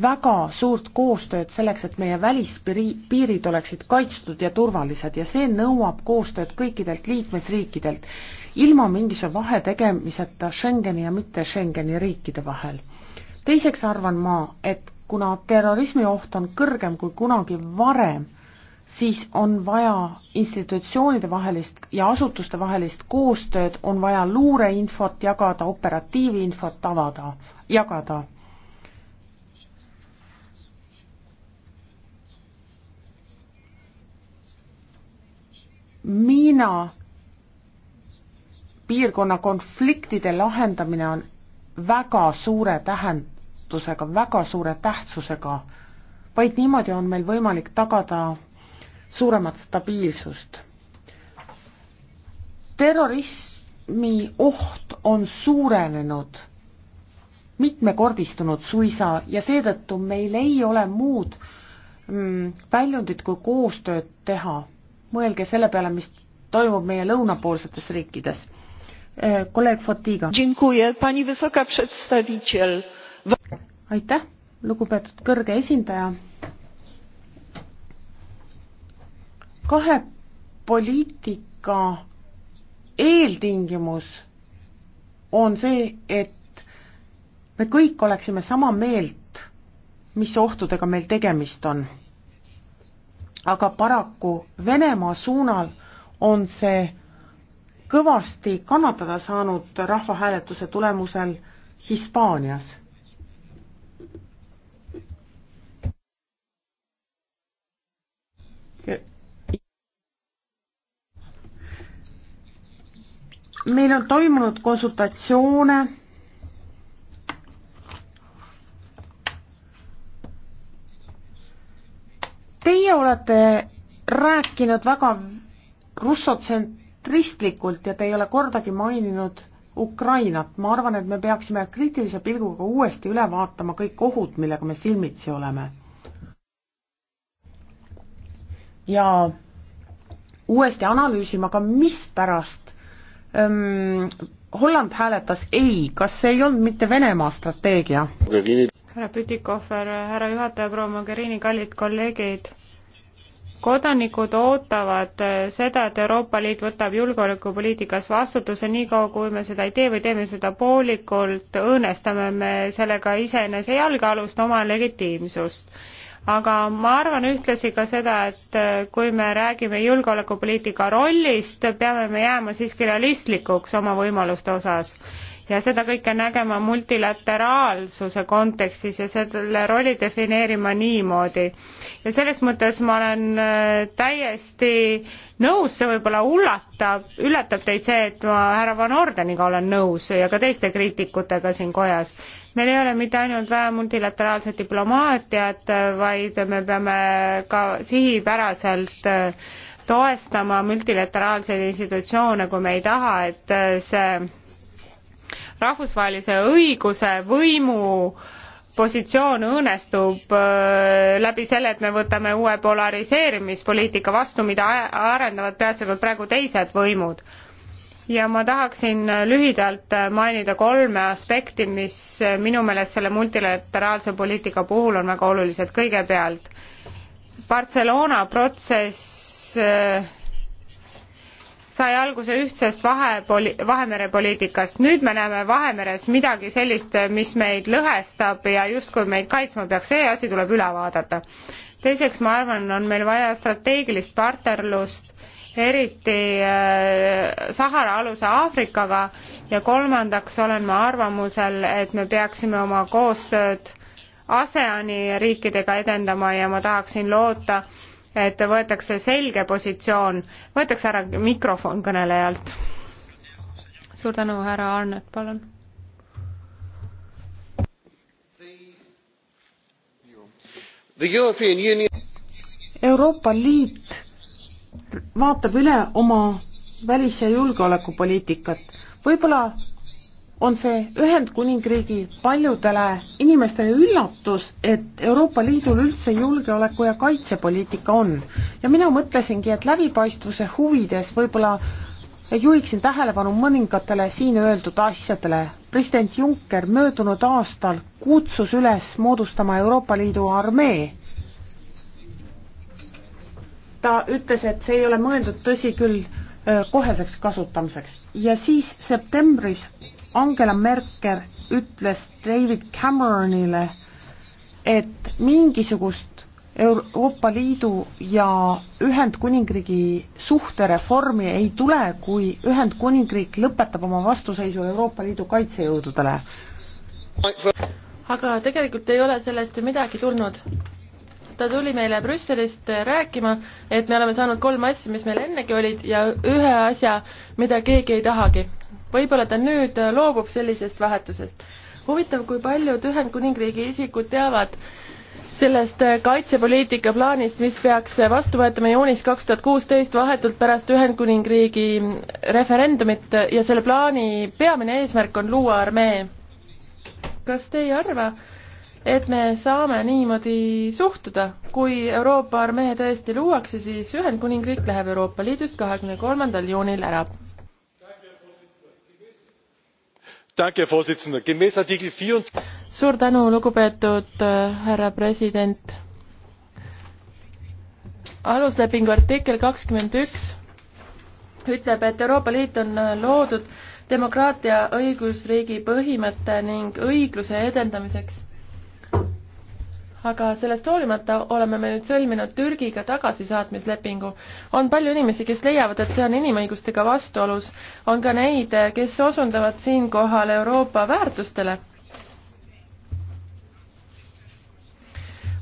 väga suurt koostööd selleks, et meie välispiirid oleksid kaitstud ja turvalised ja see nõuab koostööd kõikidelt liikmesriikidelt, ilma mingisuguse vahetegemiseta Schengeni ja mitte Schengeni riikide vahel. teiseks arvan ma, et kuna terrorismioht on kõrgem kui kunagi varem, siis on vaja institutsioonide vahelist ja asutuste vahelist koostööd, on vaja luureinfot jagada, operatiivinfot avada, jagada. Miina piirkonna konfliktide lahendamine on väga suure tähendusega, väga suure tähtsusega. vaid niimoodi on meil võimalik tagada suuremat stabiilsust. terrorismi oht on suurenenud, mitmekordistunud suisa ja seetõttu meil ei ole muud mm, väljundit, kui koostööd teha. mõelge selle peale, mis toimub meie lõunapoolsetes riikides. Eh, kolleeg Fotiga. aitäh, lugupeetud kõrge esindaja kahe poliitika eeltingimus on see, et me kõik oleksime sama meelt, mis ohtudega meil tegemist on. aga paraku Venemaa suunal on see kõvasti kannatada saanud rahvahääletuse tulemusel Hispaanias meil on toimunud konsultatsioone Teie olete rääkinud väga russotsentristlikult ja te ei ole kordagi maininud Ukrainat, ma arvan, et me peaksime kriitilise pilguga uuesti üle vaatama kõik ohud, millega me silmitsi oleme. ja uuesti analüüsima ka, mispärast ähm, Holland hääletas ei, kas see ei olnud mitte Venemaa strateegia? härra Pütikohver, härra juhataja, proua Mogherini, kallid kolleegid, kodanikud ootavad äh, seda, et Euroopa Liit võtab julgeolekupoliitikas vastutuse, niikaua kui me seda ei tee või teeme seda poolikult, õõnestame me sellega iseenese jalgealust, oma legitiimsust aga ma arvan ühtlasi ka seda, et äh, kui me räägime julgeolekupoliitika rollist, peame me jääma siiski realistlikuks oma võimaluste osas ja seda kõike nägema multilateraalsuse kontekstis ja selle rolli defineerima niimoodi. ja selles mõttes ma olen äh, täiesti nõus, see võib-olla ullatab, üllatab teid see, et ma härra Van Ordeniga olen nõus ja ka teiste kriitikutega siin kojas meil ei ole mitte ainult vaja multilateraalset diplomaatiat, vaid me peame ka sihipäraselt äh, toestama multilateraalseid institutsioone, kui me ei taha, et äh, see rahvusvahelise õiguse võimu positsioon õõnestub äh, läbi selle, et me võtame uue polariseerimispoliitika vastu, mida arendavad peaasjalikult praegu teised võimud ja ma tahaksin lühidalt mainida kolme aspekti, mis minu meelest selle multilateraalse poliitika puhul on väga olulised. kõigepealt Barcelona protsess äh, sai alguse ühtsest vahepoli-, Vahemerepoliitikast. nüüd me näeme Vahemeres midagi sellist, mis meid lõhestab ja justkui meid kaitsma peaks, see asi tuleb üle vaadata. teiseks, ma arvan, on meil vaja strateegilist partnerlust eriti äh, Sahara-aluse Aafrikaga ja kolmandaks olen ma arvamusel, et me peaksime oma koostööd ASEAN-i riikidega edendama ja ma tahaksin loota, et võetakse selge positsioon, võetakse ära mikrofon kõnelejalt. suur tänu, härra Arnet, palun. Euroopa Liit vaatab üle oma välis- ja julgeolekupoliitikat. võib-olla on see Ühendkuningriigi paljudele inimestele üllatus, et Euroopa Liidul üldse julgeoleku- ja kaitsepoliitika on. ja mina mõtlesingi, et läbipaistvuse huvides võib-olla juhiksin tähelepanu mõningatele siin öeldud asjadele. president Juncker möödunud aastal kutsus üles moodustama Euroopa Liidu armee ta ütles, et see ei ole mõeldud, tõsi küll, koheseks kasutamiseks ja siis septembris Angela Merkel ütles David Cameronile, et mingisugust Euroopa Liidu ja Ühendkuningriigi suhtereformi ei tule, kui Ühendkuningriik lõpetab oma vastuseisu Euroopa Liidu kaitsejõududele. aga tegelikult ei ole sellest ju midagi tulnud ta tuli meile Brüsselist rääkima, et me oleme saanud kolm asja, mis meil ennegi olid ja ühe asja, mida keegi ei tahagi. võib-olla ta nüüd loobub sellisest vahetusest. huvitav, kui paljud Ühendkuningriigi isikud teavad sellest kaitsepoliitika plaanist, mis peaks vastu võetama juunis kaks tuhat kuusteist, vahetult pärast Ühendkuningriigi referendumit ja selle plaani peamine eesmärk on luua armee. kas te ei arva, et me saame niimoodi suhtuda. kui Euroopa armee tõesti luuakse, siis Ühendkuningriik läheb Euroopa Liidust kahekümne kolmandal juunil ära. suur tänu, lugupeetud äh, härra president. aluslepingu artikkel kakskümmend üks ütleb, et Euroopa Liit on äh, loodud demokraatia, õigusriigi põhimõtte ning õigluse edendamiseks aga sellest hoolimata oleme me nüüd sõlminud Türgiga tagasisaatmislepingu. on palju inimesi, kes leiavad, et see on inimõigustega vastuolus, on ka neid, kes osundavad siinkohal Euroopa väärtustele.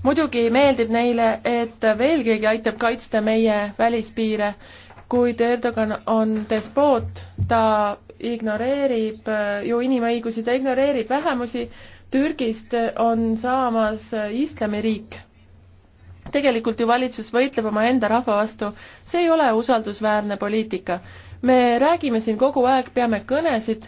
muidugi meeldib neile, et veel keegi aitab kaitsta meie välispiire, kuid Erdogan on despoot, ta ignoreerib ju inimõigusi, ta ignoreerib vähemusi, Türgist on saamas islamiriik. tegelikult ju valitsus võitleb omaenda rahva vastu, see ei ole usaldusväärne poliitika. me räägime siin kogu aeg, peame kõnesid,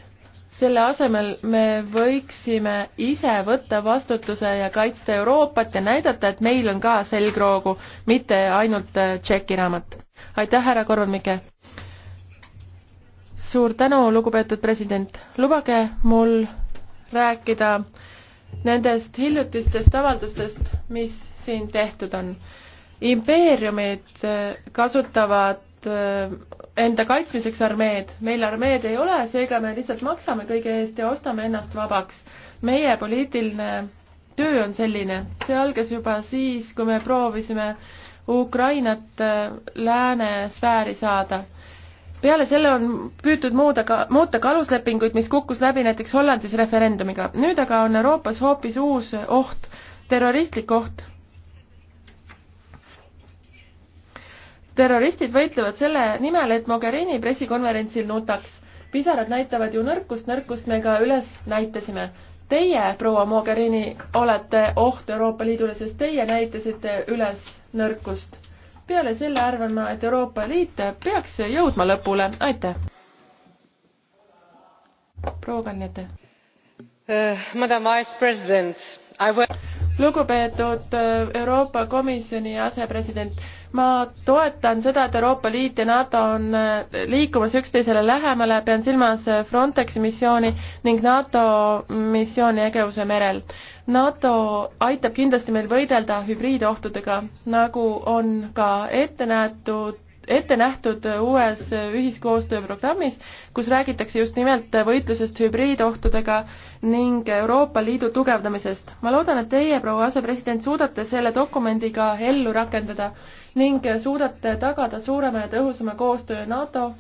selle asemel me võiksime ise võtta vastutuse ja kaitsta Euroopat ja näidata, et meil on ka selgroogu, mitte ainult äh, tšekiraamat. aitäh, härra Korvamike! suur tänu, lugupeetud president, lubage mul rääkida nendest hiljutistest avaldustest, mis siin tehtud on. impeeriumid äh, kasutavad äh, enda kaitsmiseks armeed, meil armeed ei ole, seega me lihtsalt maksame kõige eest ja ostame ennast vabaks. meie poliitiline töö on selline, see algas juba siis, kui me proovisime Ukrainat äh, lääne sfääri saada peale selle on püütud muuda ka, muuta ka aluslepinguid, mis kukkus läbi näiteks Hollandis referendumiga. nüüd aga on Euroopas hoopis uus oht, terroristlik oht. terroristid võitlevad selle nimel, et Mogherini pressikonverentsil nutaks. pisarad näitavad ju nõrkust, nõrkust me ka üles näitasime. Teie, proua Mogherini, olete oht Euroopa Liidule, sest teie näitasite üles nõrkust peale selle arvan ma, et Euroopa Liit peaks jõudma lõpule, aitäh. proua Kanjete uh,. Äh, lugupeetud äh, Euroopa Komisjoni asepresident ma toetan seda, et Euroopa Liit ja NATO on eh, liikumas üksteisele lähemale, pean silmas eh, Frontexi missiooni ning NATO missiooni Egeuse merel. NATO aitab kindlasti meil võidelda hübriidohtudega, nagu on ka ette nähtud ette nähtud uues eh, ühiskoostööprogrammis, kus räägitakse just nimelt võitlusest hübriidohtudega ning Euroopa Liidu tugevdamisest. ma loodan, et teie, proua asepresident, suudate selle dokumendiga ellu rakendada ning suudate tagada suurema ja tõhusama koostöö NATO,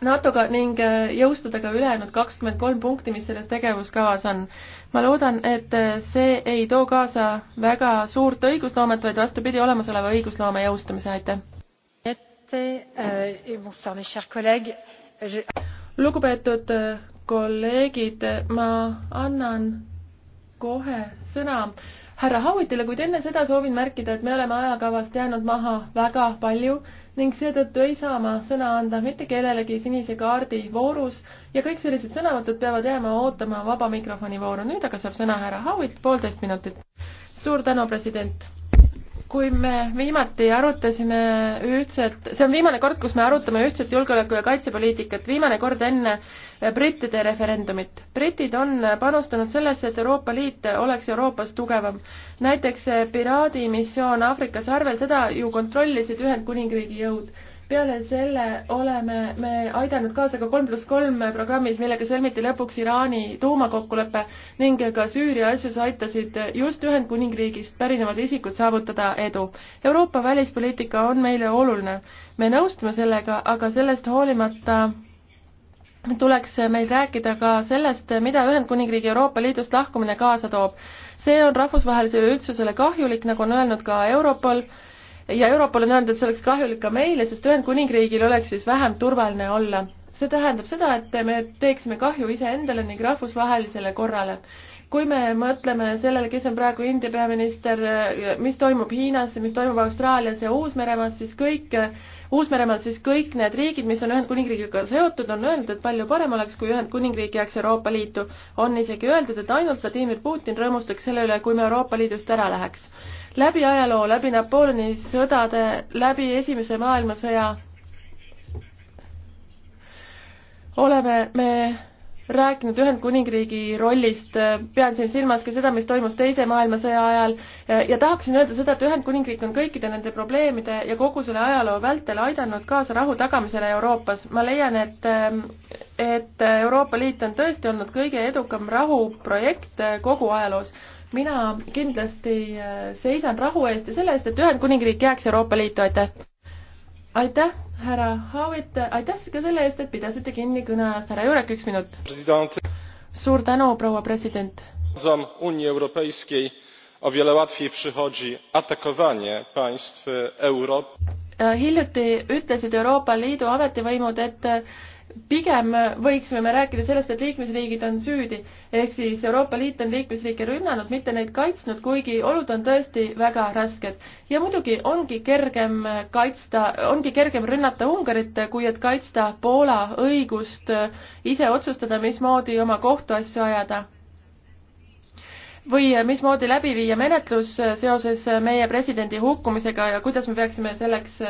NATO-ga ning äh, jõustada ka ülejäänud kakskümmend kolm punkti, mis selles tegevuskavas on. ma loodan, et äh, see ei too kaasa väga suurt õigusloomet, vaid vastupidi, olemasoleva õigusloome jõustamise, aitäh! Äh, lugupeetud kolleegid, ma annan kohe sõna härra Howitile, kuid enne seda soovin märkida, et me oleme ajakavast jäänud maha väga palju ning seetõttu ei saa ma sõna anda mitte kellelegi sinise kaardi voorus ja kõik sellised sõnavõtud peavad jääma ootama vaba mikrofoni vooru. nüüd aga saab sõna härra Howitt, poolteist minutit. suur tänu, president kui me viimati arutasime ühtset, see on viimane kord, kus me arutame ühtset julgeoleku- ja kaitsepoliitikat, viimane kord enne brittide referendumit. britid on panustanud sellesse, et Euroopa Liit oleks Euroopas tugevam. näiteks eh, piraadimissioon Aafrika sarvel, seda ju kontrollisid Ühendkuningriigi jõud peale selle oleme me aidanud kaasa ka kolm pluss kolm programmis, millega sõlmiti lõpuks Iraani tuumakokkulepe ning ka Süüria asjus aitasid just Ühendkuningriigist pärinevad isikud saavutada edu. Euroopa välispoliitika on meile oluline. me nõustume sellega, aga sellest hoolimata tuleks meil rääkida ka sellest, mida Ühendkuningriigi Euroopa Liidust lahkumine kaasa toob. see on rahvusvahelisele üldsusele kahjulik, nagu on öelnud ka Europol, ja Europol on öelnud, et see oleks kahjulik ka meile, sest Ühendkuningriigil oleks siis vähem turvaline olla. see tähendab seda, et me teeksime kahju iseendale ning rahvusvahelisele korrale kui me mõtleme sellele, kes on praegu India peaminister, mis toimub Hiinas, mis toimub Austraalias ja Uus-Meremaas, siis kõik Uus-Meremaalt, siis kõik need riigid, mis on Ühendkuningriigiga seotud, on öelnud, et palju parem oleks, kui Ühendkuningriik jääks Euroopa Liitu. on isegi öeldud, et ainult Vladimir Putin rõõmustaks selle üle, kui me Euroopa Liidust ära läheks. läbi ajaloo, läbi Napoleoni sõdade, läbi Esimese maailmasõja oleme me rääkinud Ühendkuningriigi rollist, pean siin silmas ka seda, mis toimus Teise maailmasõja ajal ja tahaksin öelda seda, et Ühendkuningriik on kõikide nende probleemide ja kogu selle ajaloo vältel aidanud kaasa rahu tagamisele Euroopas. ma leian, et, et Euroopa Liit on tõesti olnud kõige edukam rahuprojekt kogu ajaloos mina kindlasti seisan rahu eest ja selle eest, et Ühendkuningriik jääks Euroopa Liitu, aitäh! aitäh! härra Haavit, aitäh ka selle eest, et pidasite kinni kõne ajast. härra Jurek, üks minut. suur tänu, proua president. Unii Europejskiej o wiele łatwiej przychodzi atakowanie państw Euroopa äh, hiljuti ütlesid Euroopa Liidu ametivõimud, et pigem võiksime me rääkida sellest, et liikmesriigid on süüdi, ehk siis Euroopa Liit on liikmesriike rünnanud, mitte neid kaitsnud, kuigi olud on tõesti väga rasked. ja muidugi ongi kergem kaitsta, ongi kergem rünnata Ungarit, kui et kaitsta Poola õigust ise otsustada, mismoodi oma kohtuasju ajada või mismoodi läbi viia menetlus seoses meie presidendi hukkumisega ja kuidas me peaksime selleks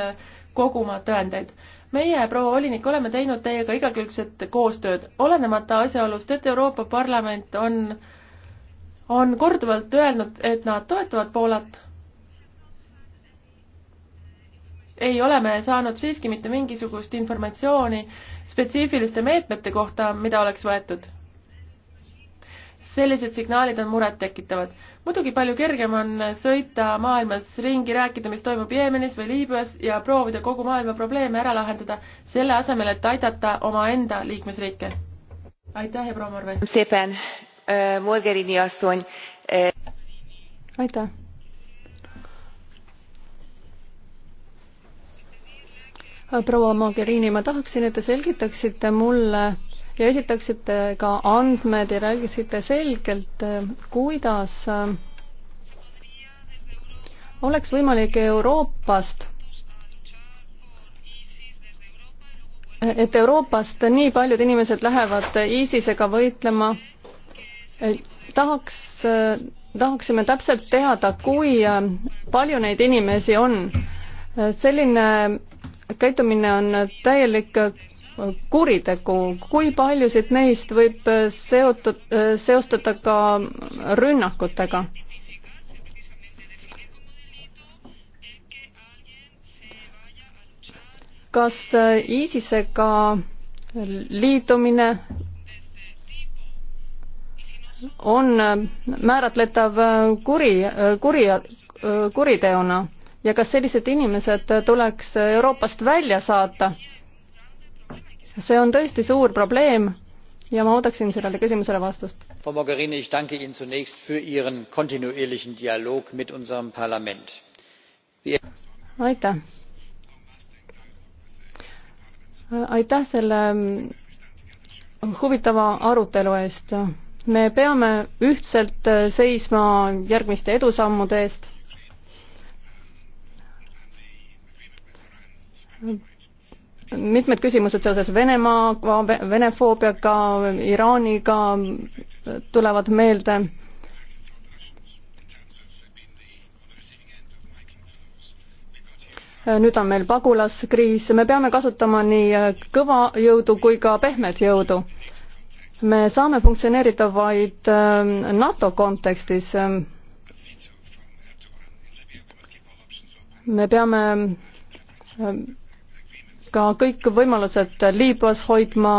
koguma tõendeid meie, proua volinik, oleme teinud teiega igakülgset koostööd, olenemata asjaolust, et Euroopa Parlament on, on korduvalt öelnud, et nad toetavad Poolat. ei ole me saanud siiski mitte mingisugust informatsiooni spetsiifiliste meetmete kohta, mida oleks võetud sellised signaalid on murettekitavad. muidugi palju kergem on sõita maailmas ringi, rääkida, mis toimub Jeemenis või Liibüas ja proovida kogu maailma probleeme ära lahendada, selle asemel, et aidata omaenda liikmesriike. aitäh ja proua Morve! Mogherini asszony. Aitäh. proua Mogherini, ma tahaksin, et te selgitaksite mulle ja esitaksite ka andmed ja räägiksite selgelt, kuidas äh, oleks võimalik Euroopast et Euroopast nii paljud inimesed lähevad ISISega võitlema. tahaks, äh, tahaksime täpselt teada, kui äh, palju neid inimesi on. selline käitumine on täielik kuritegu, kui paljusid neist võib äh, seotud, äh, seostada ka rünnakutega? kas äh, ISISega liitumine on määratletav kuri, kuri, kuriteona ja kas sellised inimesed tuleks Euroopast välja saata? see on tõesti suur probleem ja ma ootaksin sellele küsimusele vastust. frau mogherini ich danke ihnen zunächst für ihren kontinuierlichen dialog mit unserem parlament. aitäh! aitäh selle mm, huvitava arutelu eest. me peame ühtselt äh, seisma järgmiste edusammude eest mitmed küsimused seoses Venemaaga, venefoobiaga, Iraaniga tulevad meelde. nüüd on meil pagulaskriis, me peame kasutama nii kõva jõudu kui ka pehmet jõudu. me saame funktsioneerida vaid ähm, NATO kontekstis. me peame ähm, ka kõik võimalused Liibüas hoidma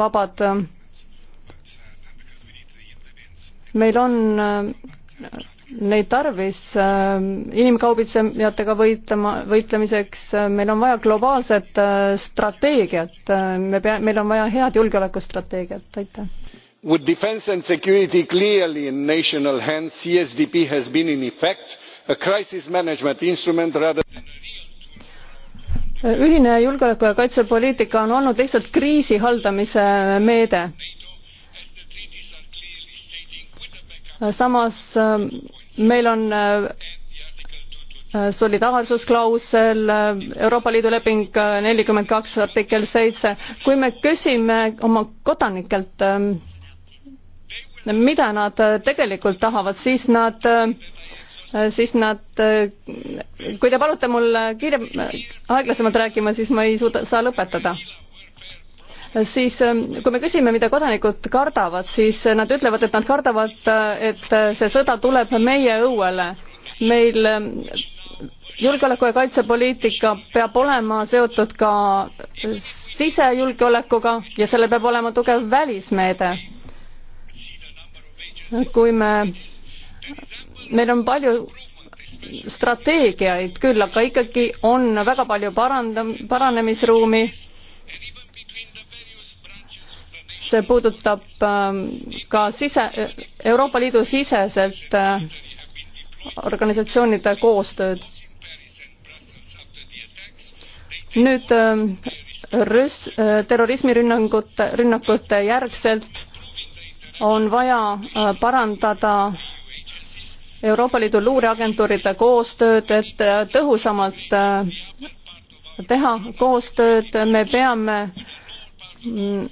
vabad. meil on äh, neid tarvis äh, inimkaubitsejatega võitlema, võitlemiseks, äh, meil on vaja globaalset strateegiat, me pea-, meil on vaja head julgeolekustrateegiat, aitäh. With defence and security clearly in national hands, CSDP has been in effect a crisis management instrument rather than ühine julgeoleku ja kaitsepoliitika on olnud lihtsalt kriisi haldamise meede. samas äh, meil on äh, solidaarsusklausel, äh, Euroopa Liidu leping nelikümmend kaks artikkel seitse, kui me küsime oma kodanikelt, ähm, mida nad tegelikult tahavad, siis nad äh, Äh, siis nad, äh, kui te palute mul äh, kiire, aeglasemalt rääkima, siis ma ei suuda, saa lõpetada. siis ähm, kui me küsime, mida kodanikud kardavad, siis nad ütlevad, et nad kardavad, et see sõda tuleb meie õuele. meil ähm, julgeoleku ja kaitsepoliitika peab olema seotud ka sisejulgeolekuga ja sellel peab olema tugev välismeede. kui me meil on palju strateegiaid küll, aga ikkagi on väga palju parandam-, paranemisruumi. see puudutab ähm, ka sise, Euroopa Liidu siseselt äh, organisatsioonide koostööd. nüüd ähm, rüs-, äh, terrorismirünnakute, rünnakute järgselt on vaja äh, parandada Euroopa Liidu luureagentuuride koostööd, et äh, tõhusamalt äh, teha koostööd, me peame mm,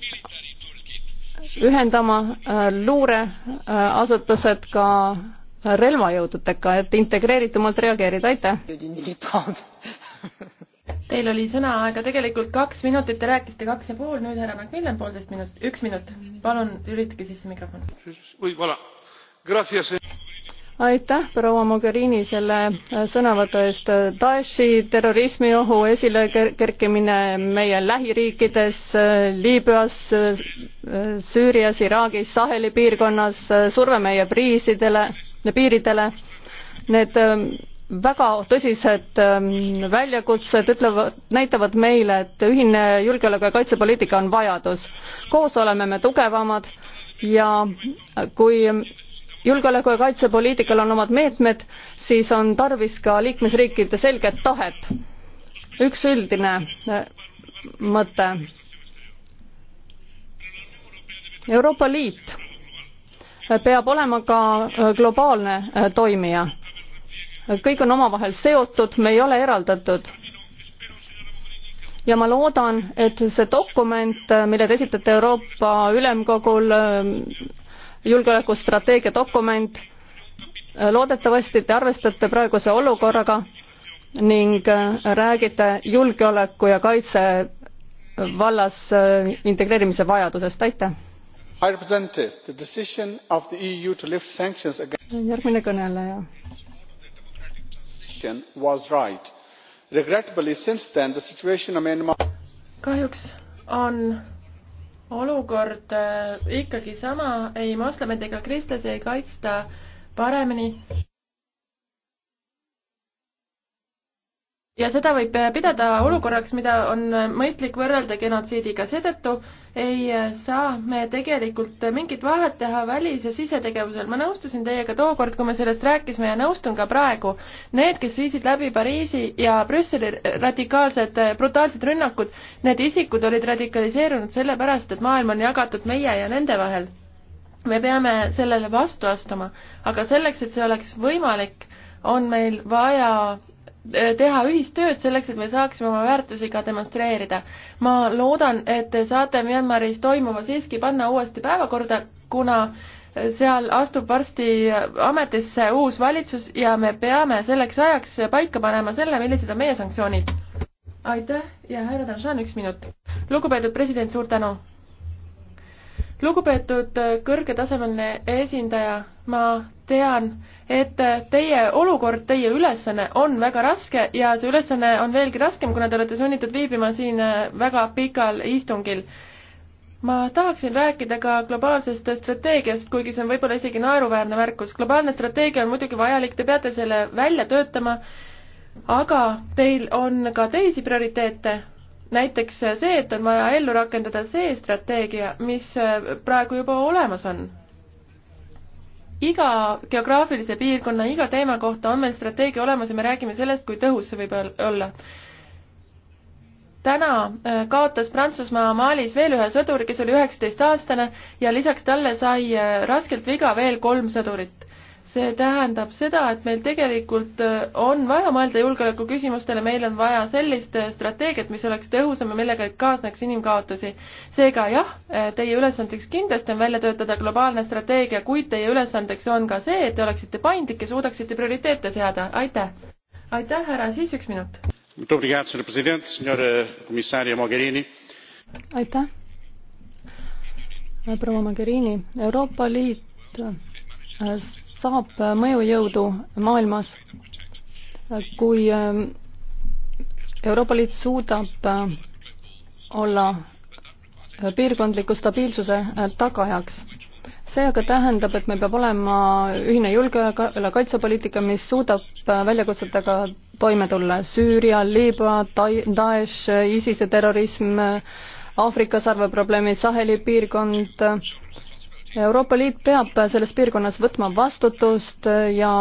ühendama äh, luureasutused ka relvajõududega, et integreeritumalt reageerida, aitäh! Teil oli sõnaaega tegelikult kaks minutit, te rääkisite kaks ja pool, nüüd härra Macmillan poolteist minut, üks minut. palun lülitage sisse mikrofon aitäh, proua Mogherini, selle äh, sõnavõtu eest. Daeshi terrorismiohu esilekerkimine meie lähiriikides, äh, Liibüas, äh, Süürias, Iraagis, Saheli piirkonnas, surve meie priisidele, piiridele, need ähm, väga tõsised ähm, väljakutsed ütlevad, näitavad meile, et ühine julgeoleku ja kaitsepoliitika on vajadus. koos oleme me tugevamad ja kui julgeoleku ja kaitsepoliitikal on omad meetmed, siis on tarvis ka liikmesriikide selget tahet. üks üldine äh, mõte. Euroopa Liit äh, peab olema ka äh, globaalne toimija. kõik on omavahel seotud, me ei ole eraldatud ja ma loodan, et see dokument, mille te esitate Euroopa Ülemkogul julgeolekustrateegia dokument. loodetavasti te arvestate praeguse olukorraga ning äh, räägite julgeoleku ja kaitse äh, vallas äh, integreerimise vajadusest, aitäh! E järgmine kõneleja kahjuks on olukord äh, ikkagi sama, ei moslemid ega kristlased ei kaitsta paremini ja seda võib pidada olukorraks, mida on mõistlik võrrelda genotsiidiga, seetõttu ei saa me tegelikult mingit vahet teha välis- ja sisetegevusel. ma nõustusin teiega tookord, kui me sellest rääkisime ja nõustun ka praegu. Need, kes viisid läbi Pariisi ja Brüsseli radikaalsed brutaalsed rünnakud, need isikud olid radikaliseerunud sellepärast, et maailm on jagatud meie ja nende vahel. me peame sellele vastu astuma, aga selleks, et see oleks võimalik, on meil vaja teha ühistööd selleks, et me saaksime oma väärtusi ka demonstreerida. ma loodan, et te saate Myanmaris toimuva siiski panna uuesti päevakorda, kuna seal astub varsti ametisse uus valitsus ja me peame selleks ajaks paika panema selle, millised on meie sanktsioonid. aitäh ja härra Danšan, üks minut. lugupeetud president, suur tänu! lugupeetud kõrgetasemeline esindaja, ma tean, et teie olukord, teie ülesanne on väga raske ja see ülesanne on veelgi raskem, kuna te olete sunnitud viibima siin äh, väga pikal istungil. ma tahaksin rääkida ka globaalsest strateegiast, kuigi see on võib-olla isegi naeruväärne märkus. globaalne strateegia on muidugi vajalik, te peate selle välja töötama, aga teil on ka teisi prioriteete näiteks see, et on vaja ellu rakendada see strateegia, mis äh, praegu juba olemas on iga geograafilise piirkonna, iga teema kohta on meil strateegia olemas ja me räägime sellest, kui tõhus see võib olla. täna äh, kaotas Prantsusmaa Malis veel ühe sõduri, kes oli üheksateistaastane ja lisaks talle sai äh, raskelt viga veel kolm sõdurit see tähendab seda, et meil tegelikult äh, on vaja mõelda julgeoleku küsimustele, meil on vaja sellist äh, strateegiat, mis oleks tõhusam ja millega kaasneks inimkaotusi. seega jah, äh, teie ülesandeks kindlasti on välja töötada globaalne strateegia, kuid teie ülesandeks on ka see, et te oleksite paindlik ja suudaksite prioriteete seada, aitäh! aitäh, härra, siis üks minut. Eh, aitäh, proua Mogherini, Euroopa Liit saab mõjujõudu maailmas, kui ähm, Euroopa Liit suudab äh, olla äh, piirkondliku stabiilsuse äh, tagajaks. see aga tähendab, et meil peab olema ühine julgeoleku kaitsepoliitika, mis suudab väljakutsetega toime tulla. Süüria, Liibüa, Daesh, ISISe terrorism, Aafrika sarveprobleemid, Saheli piirkond, Euroopa Liit peab selles piirkonnas võtma vastutust ja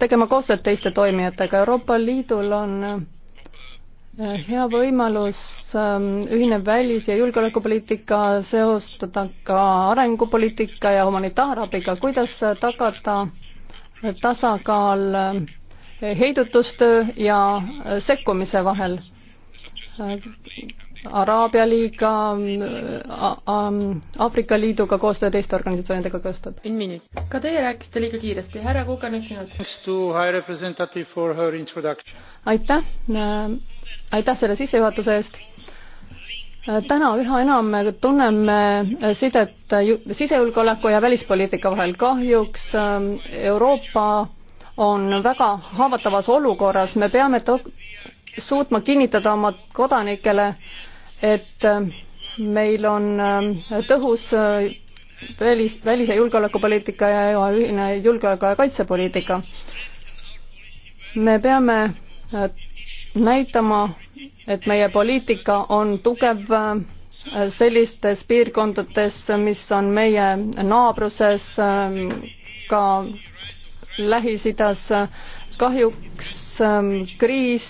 tegema koostööd teiste toimijatega. Euroopa Liidul on eh, hea võimalus ähm, ühine välis- ja julgeolekupoliitika seostada ka arengupoliitika ja humanitaarabiga. kuidas tagada tasakaal äh, heidutustöö ja äh, sekkumise vahel? Äh, Araabia liiga, Aafrika Liiduga koostöö teiste organisatsioonidega koostööd. ka teie rääkisite liiga kiiresti, härra Kukan, üks minut. aitäh, aitäh selle sissejuhatuse eest täna üha enam tunneme sidet sisejulgeoleku ja välispoliitika vahel. kahjuks ähm, Euroopa on väga haavatavas olukorras, me peame suutma kinnitada oma kodanikele, et äh, meil on äh, tõhus äh, välis, välis- ja julgeolekupoliitika ja ühine julgeoleku- ja kaitsepoliitika. me peame näitama, et meie poliitika on tugev sellistes piirkondades, mis on meie naabruses, ka Lähis-Idas. kahjuks kriis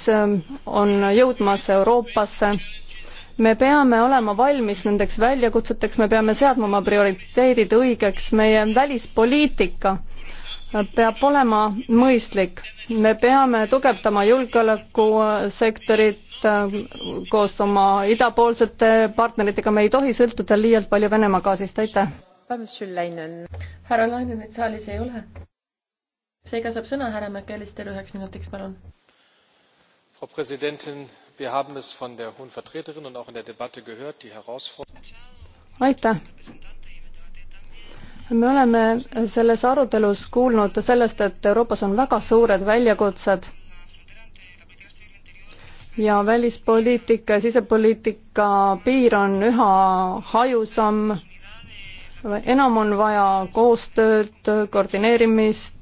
on jõudmas Euroopasse me peame olema valmis nendeks väljakutseteks, me peame seadma oma prioriteedid õigeks, meie välispoliitika peab olema mõistlik. me peame tugevdama julgeolekusektorit äh, koos oma idapoolsete partneritega, me ei tohi sõltuda liialt palju Venemaa gaasist, aitäh. härra Lainenit saalis ei ole. seega saab sõna härra McAllister üheks minutiks, palun. Frau Präsidentin, wir haben es von der hohen vertreterin und auch in der debatte gehört die herausforderung aitäh me oleme selles arutelus kuulnud sellest et euroopas on väga suured väljakutsed ja välispoliitika ja sisepoliitika piir on üha hajusam enam on vaja koostööd koordineerimist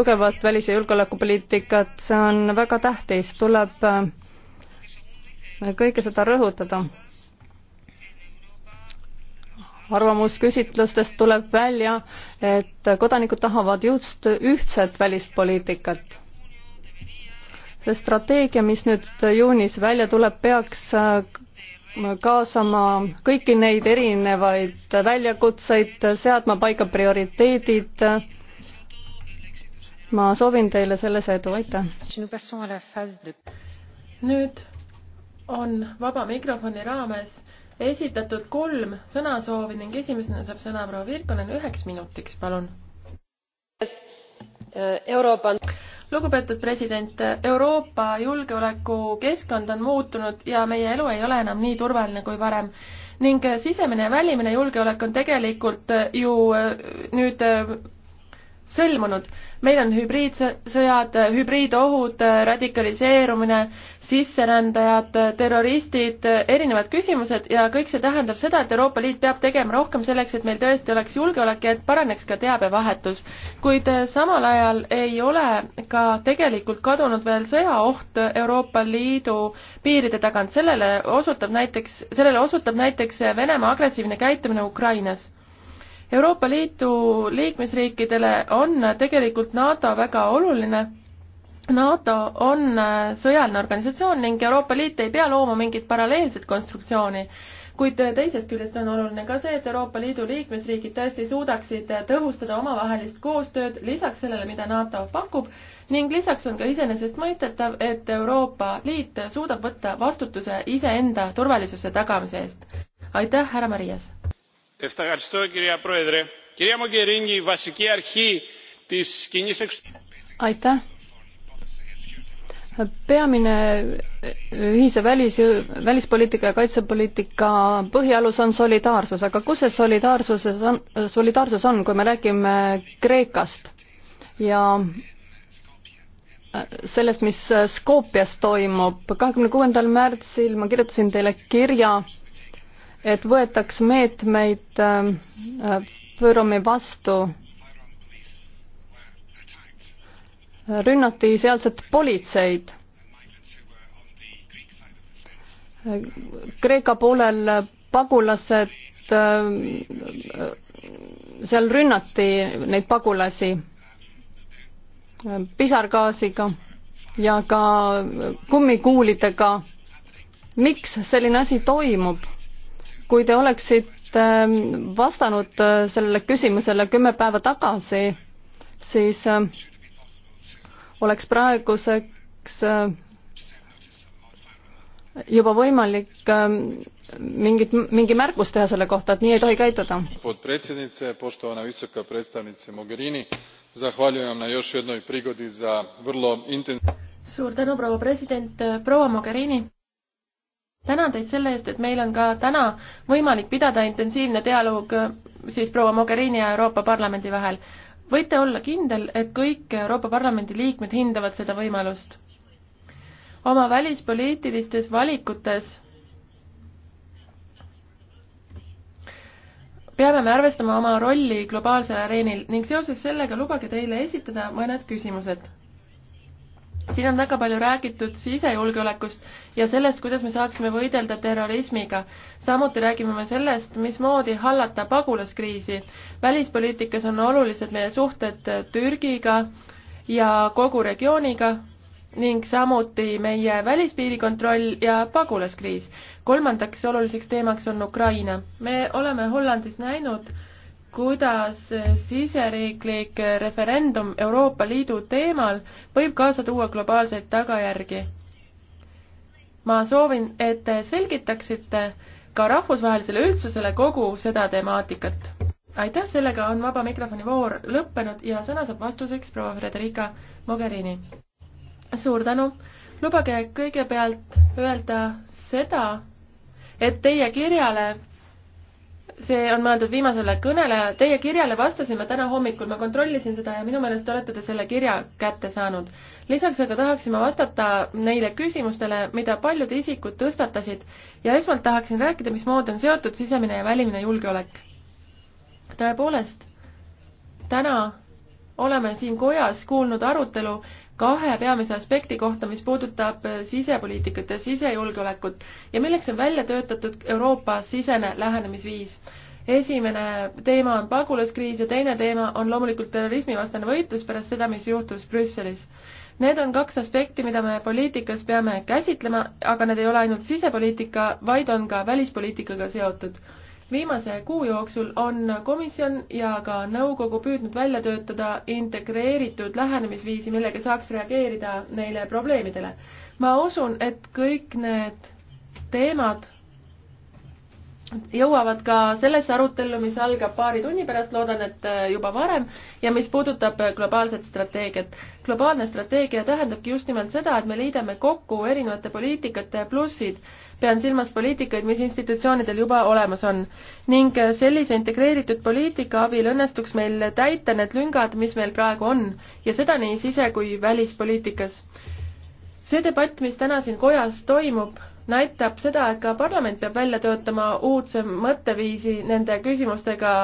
tugevat välis ja julgeolekupoliitikat see on väga tähtis tuleb kõike seda rõhutada. arvamusküsitlustest tuleb välja, et kodanikud tahavad just ühtset välispoliitikat. see strateegia, mis nüüd juunis välja tuleb, peaks kaasama kõiki neid erinevaid väljakutseid, seadma paika prioriteedid. ma soovin teile selles edu, aitäh. nüüd on vaba mikrofoni raames esitatud kolm sõnasoovi ning esimesena saab sõna proua Virkonen üheks minutiks, palun. Euroopa lugupeetud president, Euroopa julgeolekukeskkond on muutunud ja meie elu ei ole enam nii turvaline kui varem ning sisemine ja välimine julgeolek on tegelikult ju eh, nüüd eh, sõlmunud meil on hübriidsõjad, hübriidohud, radikaliseerumine, sisserändajad, terroristid, erinevad küsimused ja kõik see tähendab seda, et Euroopa Liit peab tegema rohkem selleks, et meil tõesti oleks julgeolek ja et paraneks ka teabevahetus. kuid samal ajal ei ole ka tegelikult kadunud veel sõjaoht Euroopa Liidu piiride tagant, sellele osutab näiteks, sellele osutab näiteks Venemaa agressiivne käitumine Ukrainas Euroopa Liidu liikmesriikidele on tegelikult NATO väga oluline. NATO on äh, sõjaline organisatsioon ning Euroopa Liit ei pea looma mingit paralleelset konstruktsiooni, kuid äh, teisest küljest on oluline ka see, et Euroopa Liidu liikmesriigid tõesti suudaksid äh, tõhustada omavahelist koostööd lisaks sellele, mida NATO pakub ning lisaks on ka iseenesestmõistetav, et Euroopa Liit suudab võtta vastutuse iseenda turvalisuse tagamise eest. aitäh, härra Marias! aitäh! peamine ühise välis välispoliitika ja kaitsepoliitika põhialus on solidaarsus aga kus see solidaarsuses on solidaarsus on kui me räägime kreekast ja äh, sellest mis skopjas toimub kahekümne kuuendal märtsil ma kirjutasin teile kirja et võetaks meetmeid, äh, pöörame vastu. rünnati sealset politseid. Kreeka poolel pagulased, äh, seal rünnati neid pagulasi pisargaasiga ja ka kummikuulidega. miks selline asi toimub? kui te oleksite ähm, vastanud äh, sellele küsimusele kümme päeva tagasi, siis äh, oleks praeguseks äh, juba võimalik ähm, mingit, mingi märkus teha selle kohta, et nii ei tohi käituda. suur tänu, proua president, proua Mogherini! tänan teid selle eest, et meil on ka täna võimalik pidada intensiivne dialoog äh, siis proua Mogherini ja Euroopa Parlamendi vahel. võite olla kindel, et kõik Euroopa Parlamendi liikmed hindavad seda võimalust. oma välispoliitilistes valikutes peame me arvestama oma rolli globaalsel areenil ning seoses sellega lubage teile esitada mõned küsimused siin on väga palju räägitud sisejulgeolekust ja sellest, kuidas me saaksime võidelda terrorismiga. samuti räägime me sellest, mismoodi hallata pagulaskriisi. välispoliitikas on olulised meie suhted Türgiga ja kogu regiooniga ning samuti meie välispiiri kontroll ja pagulaskriis. kolmandaks oluliseks teemaks on Ukraina. me oleme Hollandis näinud, kuidas siseriiklik referendum Euroopa Liidu teemal võib kaasa tuua globaalseid tagajärgi. ma soovin, et te selgitaksite ka rahvusvahelisele üldsusele kogu seda temaatikat. aitäh, sellega on vaba mikrofoni voor lõppenud ja sõna saab vastuseks proua Frederica Mogherini. suur tänu, lubage kõigepealt öelda seda, et teie kirjale see on mõeldud viimasele kõnele. Teie kirjale vastasin ma täna hommikul, ma kontrollisin seda ja minu meelest olete te selle kirja kätte saanud. lisaks aga tahaksime vastata neile küsimustele, mida paljud isikud tõstatasid ja esmalt tahaksin rääkida, mismoodi on seotud sisemine ja välimine julgeolek. tõepoolest, täna oleme siin kojas kuulnud arutelu, kahe peamise aspekti kohta, mis puudutab äh, sisepoliitikat ja sisejulgeolekut ja milleks on välja töötatud Euroopa sisene lähenemisviis. esimene teema on pagulaskriis ja teine teema on loomulikult terrorismivastane võitlus pärast seda, mis juhtus Brüsselis. Need on kaks aspekti, mida me poliitikas peame käsitlema, aga need ei ole ainult sisepoliitika, vaid on ka välispoliitikaga seotud viimase kuu jooksul on komisjon ja ka nõukogu püüdnud välja töötada integreeritud lähenemisviisi, millega saaks reageerida neile probleemidele. ma usun, et kõik need teemad jõuavad ka sellesse arutellu, mis algab paari tunni pärast, loodan, et äh, juba varem, ja mis puudutab äh, globaalset strateegiat. globaalne strateegia tähendabki just nimelt seda, et me liidame kokku erinevate poliitikate plussid, pean silmas poliitikaid, mis institutsioonidel juba olemas on. ning äh, sellise integreeritud poliitika abil õnnestuks meil täita need lüngad, mis meil praegu on, ja seda nii sise- kui välispoliitikas. see debatt, mis täna siin kojas toimub, näitab seda, et ka parlament peab välja töötama uudse mõtteviisi nende küsimustega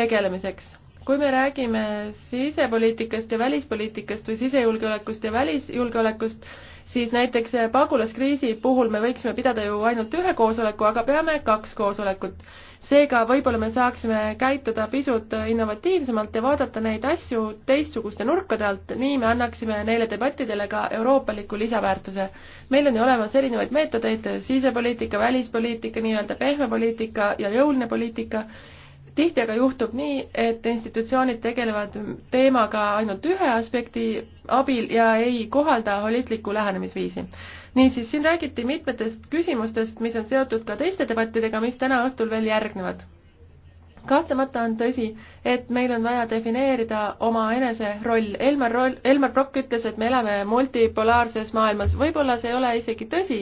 tegelemiseks. kui me räägime sisepoliitikast ja välispoliitikast või sisejulgeolekust ja välisjulgeolekust, siis näiteks eh, pagulaskriisi puhul me võiksime pidada ju ainult ühe koosoleku, aga peame kaks koosolekut. seega võib-olla me saaksime käituda pisut eh, innovatiivsemalt ja vaadata neid asju teistsuguste nurkade alt, nii me annaksime neile debattidele ka euroopaliku lisaväärtuse. meil on ju olemas erinevaid meetodeid, sisepoliitika, välispoliitika, nii-öelda pehme poliitika ja jõuline poliitika tihti aga juhtub nii, et institutsioonid tegelevad teemaga ainult ühe aspekti abil ja ei kohalda holistlikku lähenemisviisi. niisiis, siin räägiti mitmetest küsimustest, mis on seotud ka teiste debattidega, mis täna õhtul veel järgnevad. kahtlemata on tõsi, et meil on vaja defineerida omaenese roll. Elmar roll, Elmar Brock ütles, et me elame multipolaarses maailmas, võib-olla see ei ole isegi tõsi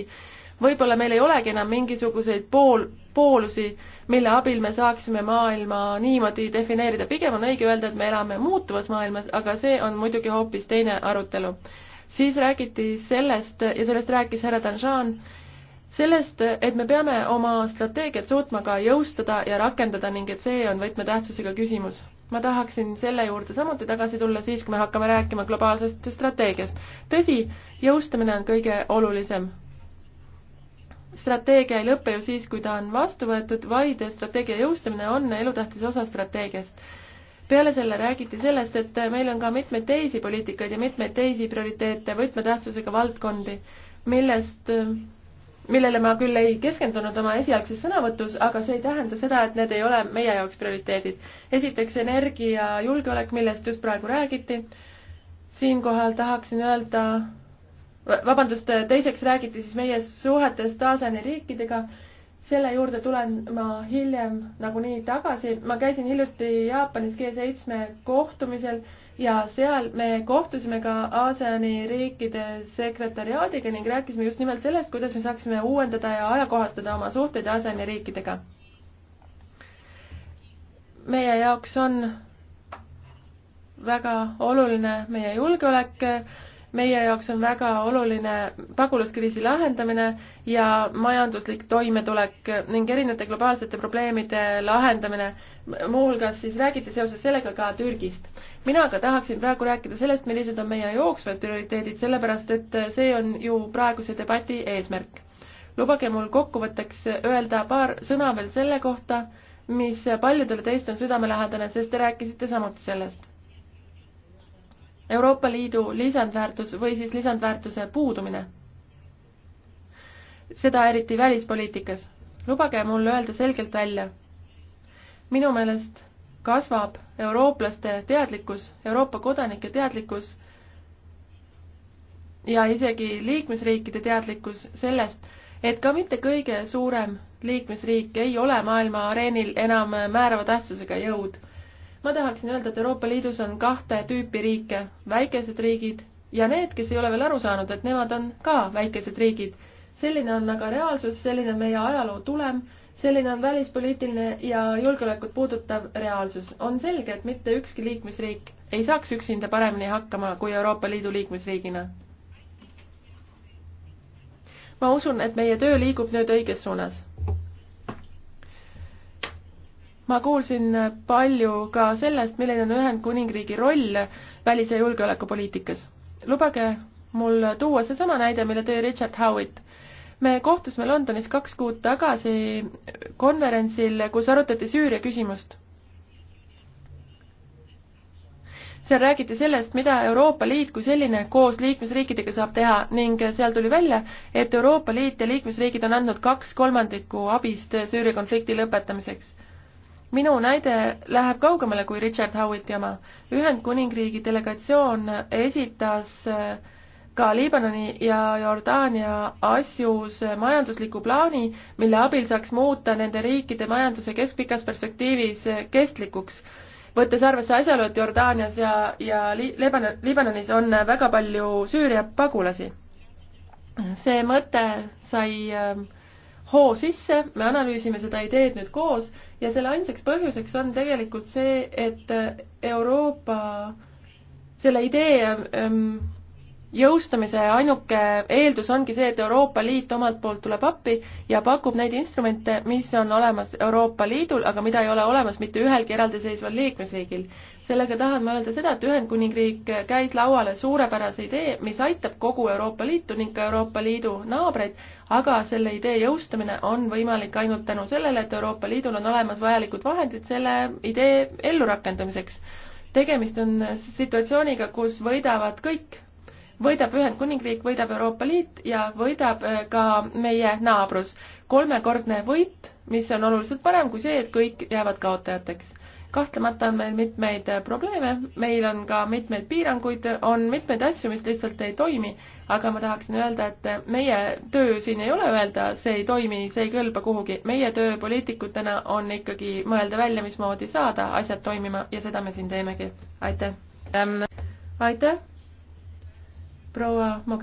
võib-olla meil ei olegi enam mingisuguseid pool, poolusi, mille abil me saaksime maailma niimoodi defineerida. pigem on õige öelda, et me elame muutuvas maailmas, aga see on muidugi hoopis teine arutelu. siis räägiti sellest ja sellest rääkis härra Danjan, sellest, et me peame oma strateegiat suutma ka jõustada ja rakendada ning et see on võtmetähtsusega küsimus. ma tahaksin selle juurde samuti tagasi tulla siis, kui me hakkame rääkima globaalsest strateegiast. tõsi, jõustamine on kõige olulisem strateegia ei lõpe ju siis, kui ta on vastu võetud, vaid strateegia jõustamine on elutähtis osa strateegiast. peale selle räägiti sellest, et meil on ka mitmeid teisi poliitikaid ja mitmeid teisi prioriteete, võtmetähtsusega valdkondi, millest, millele ma küll ei keskendunud oma esialgses sõnavõtus, aga see ei tähenda seda, et need ei ole meie jaoks prioriteedid. esiteks energiajulgeolek, millest just praegu räägiti. siinkohal tahaksin öelda vabandust, teiseks räägiti siis meie suhetest Aasiani riikidega. selle juurde tulen ma hiljem nagunii tagasi. ma käisin hiljuti Jaapanis G7 kohtumisel ja seal me kohtusime ka ASEAN-i riikide sekretariaadiga ning rääkisime just nimelt sellest, kuidas me saaksime uuendada ja ajakohastada oma suhteid ASEAN-i riikidega. meie jaoks on väga oluline meie julgeolek meie jaoks on väga oluline pagulaskriisi lahendamine ja majanduslik toimetulek ning erinevate globaalsete probleemide lahendamine. muuhulgas siis räägiti seoses sellega ka Türgist. mina aga tahaksin praegu rääkida sellest, millised on meie jooksvad prioriteedid, sellepärast et see on ju praeguse debati eesmärk. lubage mul kokkuvõtteks öelda paar sõna veel selle kohta, mis paljudele teist on südamelähedane, sest te rääkisite samuti sellest Euroopa Liidu lisandväärtus või siis lisandväärtuse puudumine. seda eriti välispoliitikas. lubage mul öelda selgelt välja. minu meelest kasvab eurooplaste teadlikkus, Euroopa kodanike teadlikkus ja isegi liikmesriikide teadlikkus sellest, et ka mitte kõige suurem liikmesriik ei ole maailma areenil enam määrava tähtsusega jõud ma tahaksin öelda, et Euroopa Liidus on kahte tüüpi riike, väikesed riigid ja need, kes ei ole veel aru saanud, et nemad on ka väikesed riigid. selline on aga reaalsus, selline on meie ajaloo tulem, selline on välispoliitiline ja julgeolekut puudutav reaalsus. on selge, et mitte ükski liikmesriik ei saaks üksinda paremini hakkama kui Euroopa Liidu liikmesriigina. ma usun, et meie töö liigub nüüd õiges suunas ma kuulsin palju ka sellest, milline on Ühendkuningriigi roll välis- ja julgeolekupoliitikas. lubage mul tuua seesama näide, mille tõi Richard Howitt. me kohtusime Londonis kaks kuud tagasi konverentsil, kus arutati Süüria küsimust. seal räägiti sellest, mida Euroopa Liit kui selline koos liikmesriikidega saab teha ning seal tuli välja, et Euroopa Liit ja liikmesriigid on andnud kaks kolmandikku abist Süüria konflikti lõpetamiseks minu näide läheb kaugemale kui Richard Howitti oma. Ühendkuningriigi delegatsioon esitas äh, ka Liibanoni ja Jordaania asjus äh, majandusliku plaani, mille abil saaks muuta nende riikide majanduse keskpikas perspektiivis äh, kestlikuks. võttes arvesse asjaolu, et Jordaanias ja, ja Liibanon, Liibanonis on väga palju Süüria pagulasi. see mõte sai äh, hoo sisse, me analüüsime seda ideed nüüd koos ja selle ainsaks põhjuseks on tegelikult see, et äh, Euroopa selle idee ähm, jõustamise ainuke eeldus ongi see, et Euroopa Liit omalt poolt tuleb appi ja pakub neid instrumente, mis on olemas Euroopa Liidul, aga mida ei ole olemas mitte ühelgi eraldiseisval liikmesriigil sellega tahan ma öelda seda, et Ühendkuningriik käis lauale suurepärase idee, mis aitab kogu Euroopa Liitu ning ka Euroopa Liidu naabreid, aga selle idee jõustamine on võimalik ainult tänu sellele, et Euroopa Liidul on olemas vajalikud vahendid selle idee ellurakendamiseks. tegemist on situatsiooniga, kus võidavad kõik, võidab Ühendkuningriik, võidab Euroopa Liit ja võidab äh, ka meie naabrus. kolmekordne võit, mis on oluliselt parem kui see, et kõik jäävad kaotajateks kahtlemata on meil mitmeid äh, probleeme, meil on ka mitmeid piiranguid, on mitmeid asju, mis lihtsalt ei toimi, aga ma tahaksin öelda, et äh, meie töö siin ei ole öelda, see ei toimi, see ei kõlba kuhugi. meie töö poliitikutena on ikkagi mõelda välja, mismoodi saada asjad toimima ja seda me siin teemegi. aitäh! aitäh! proua Mogherini.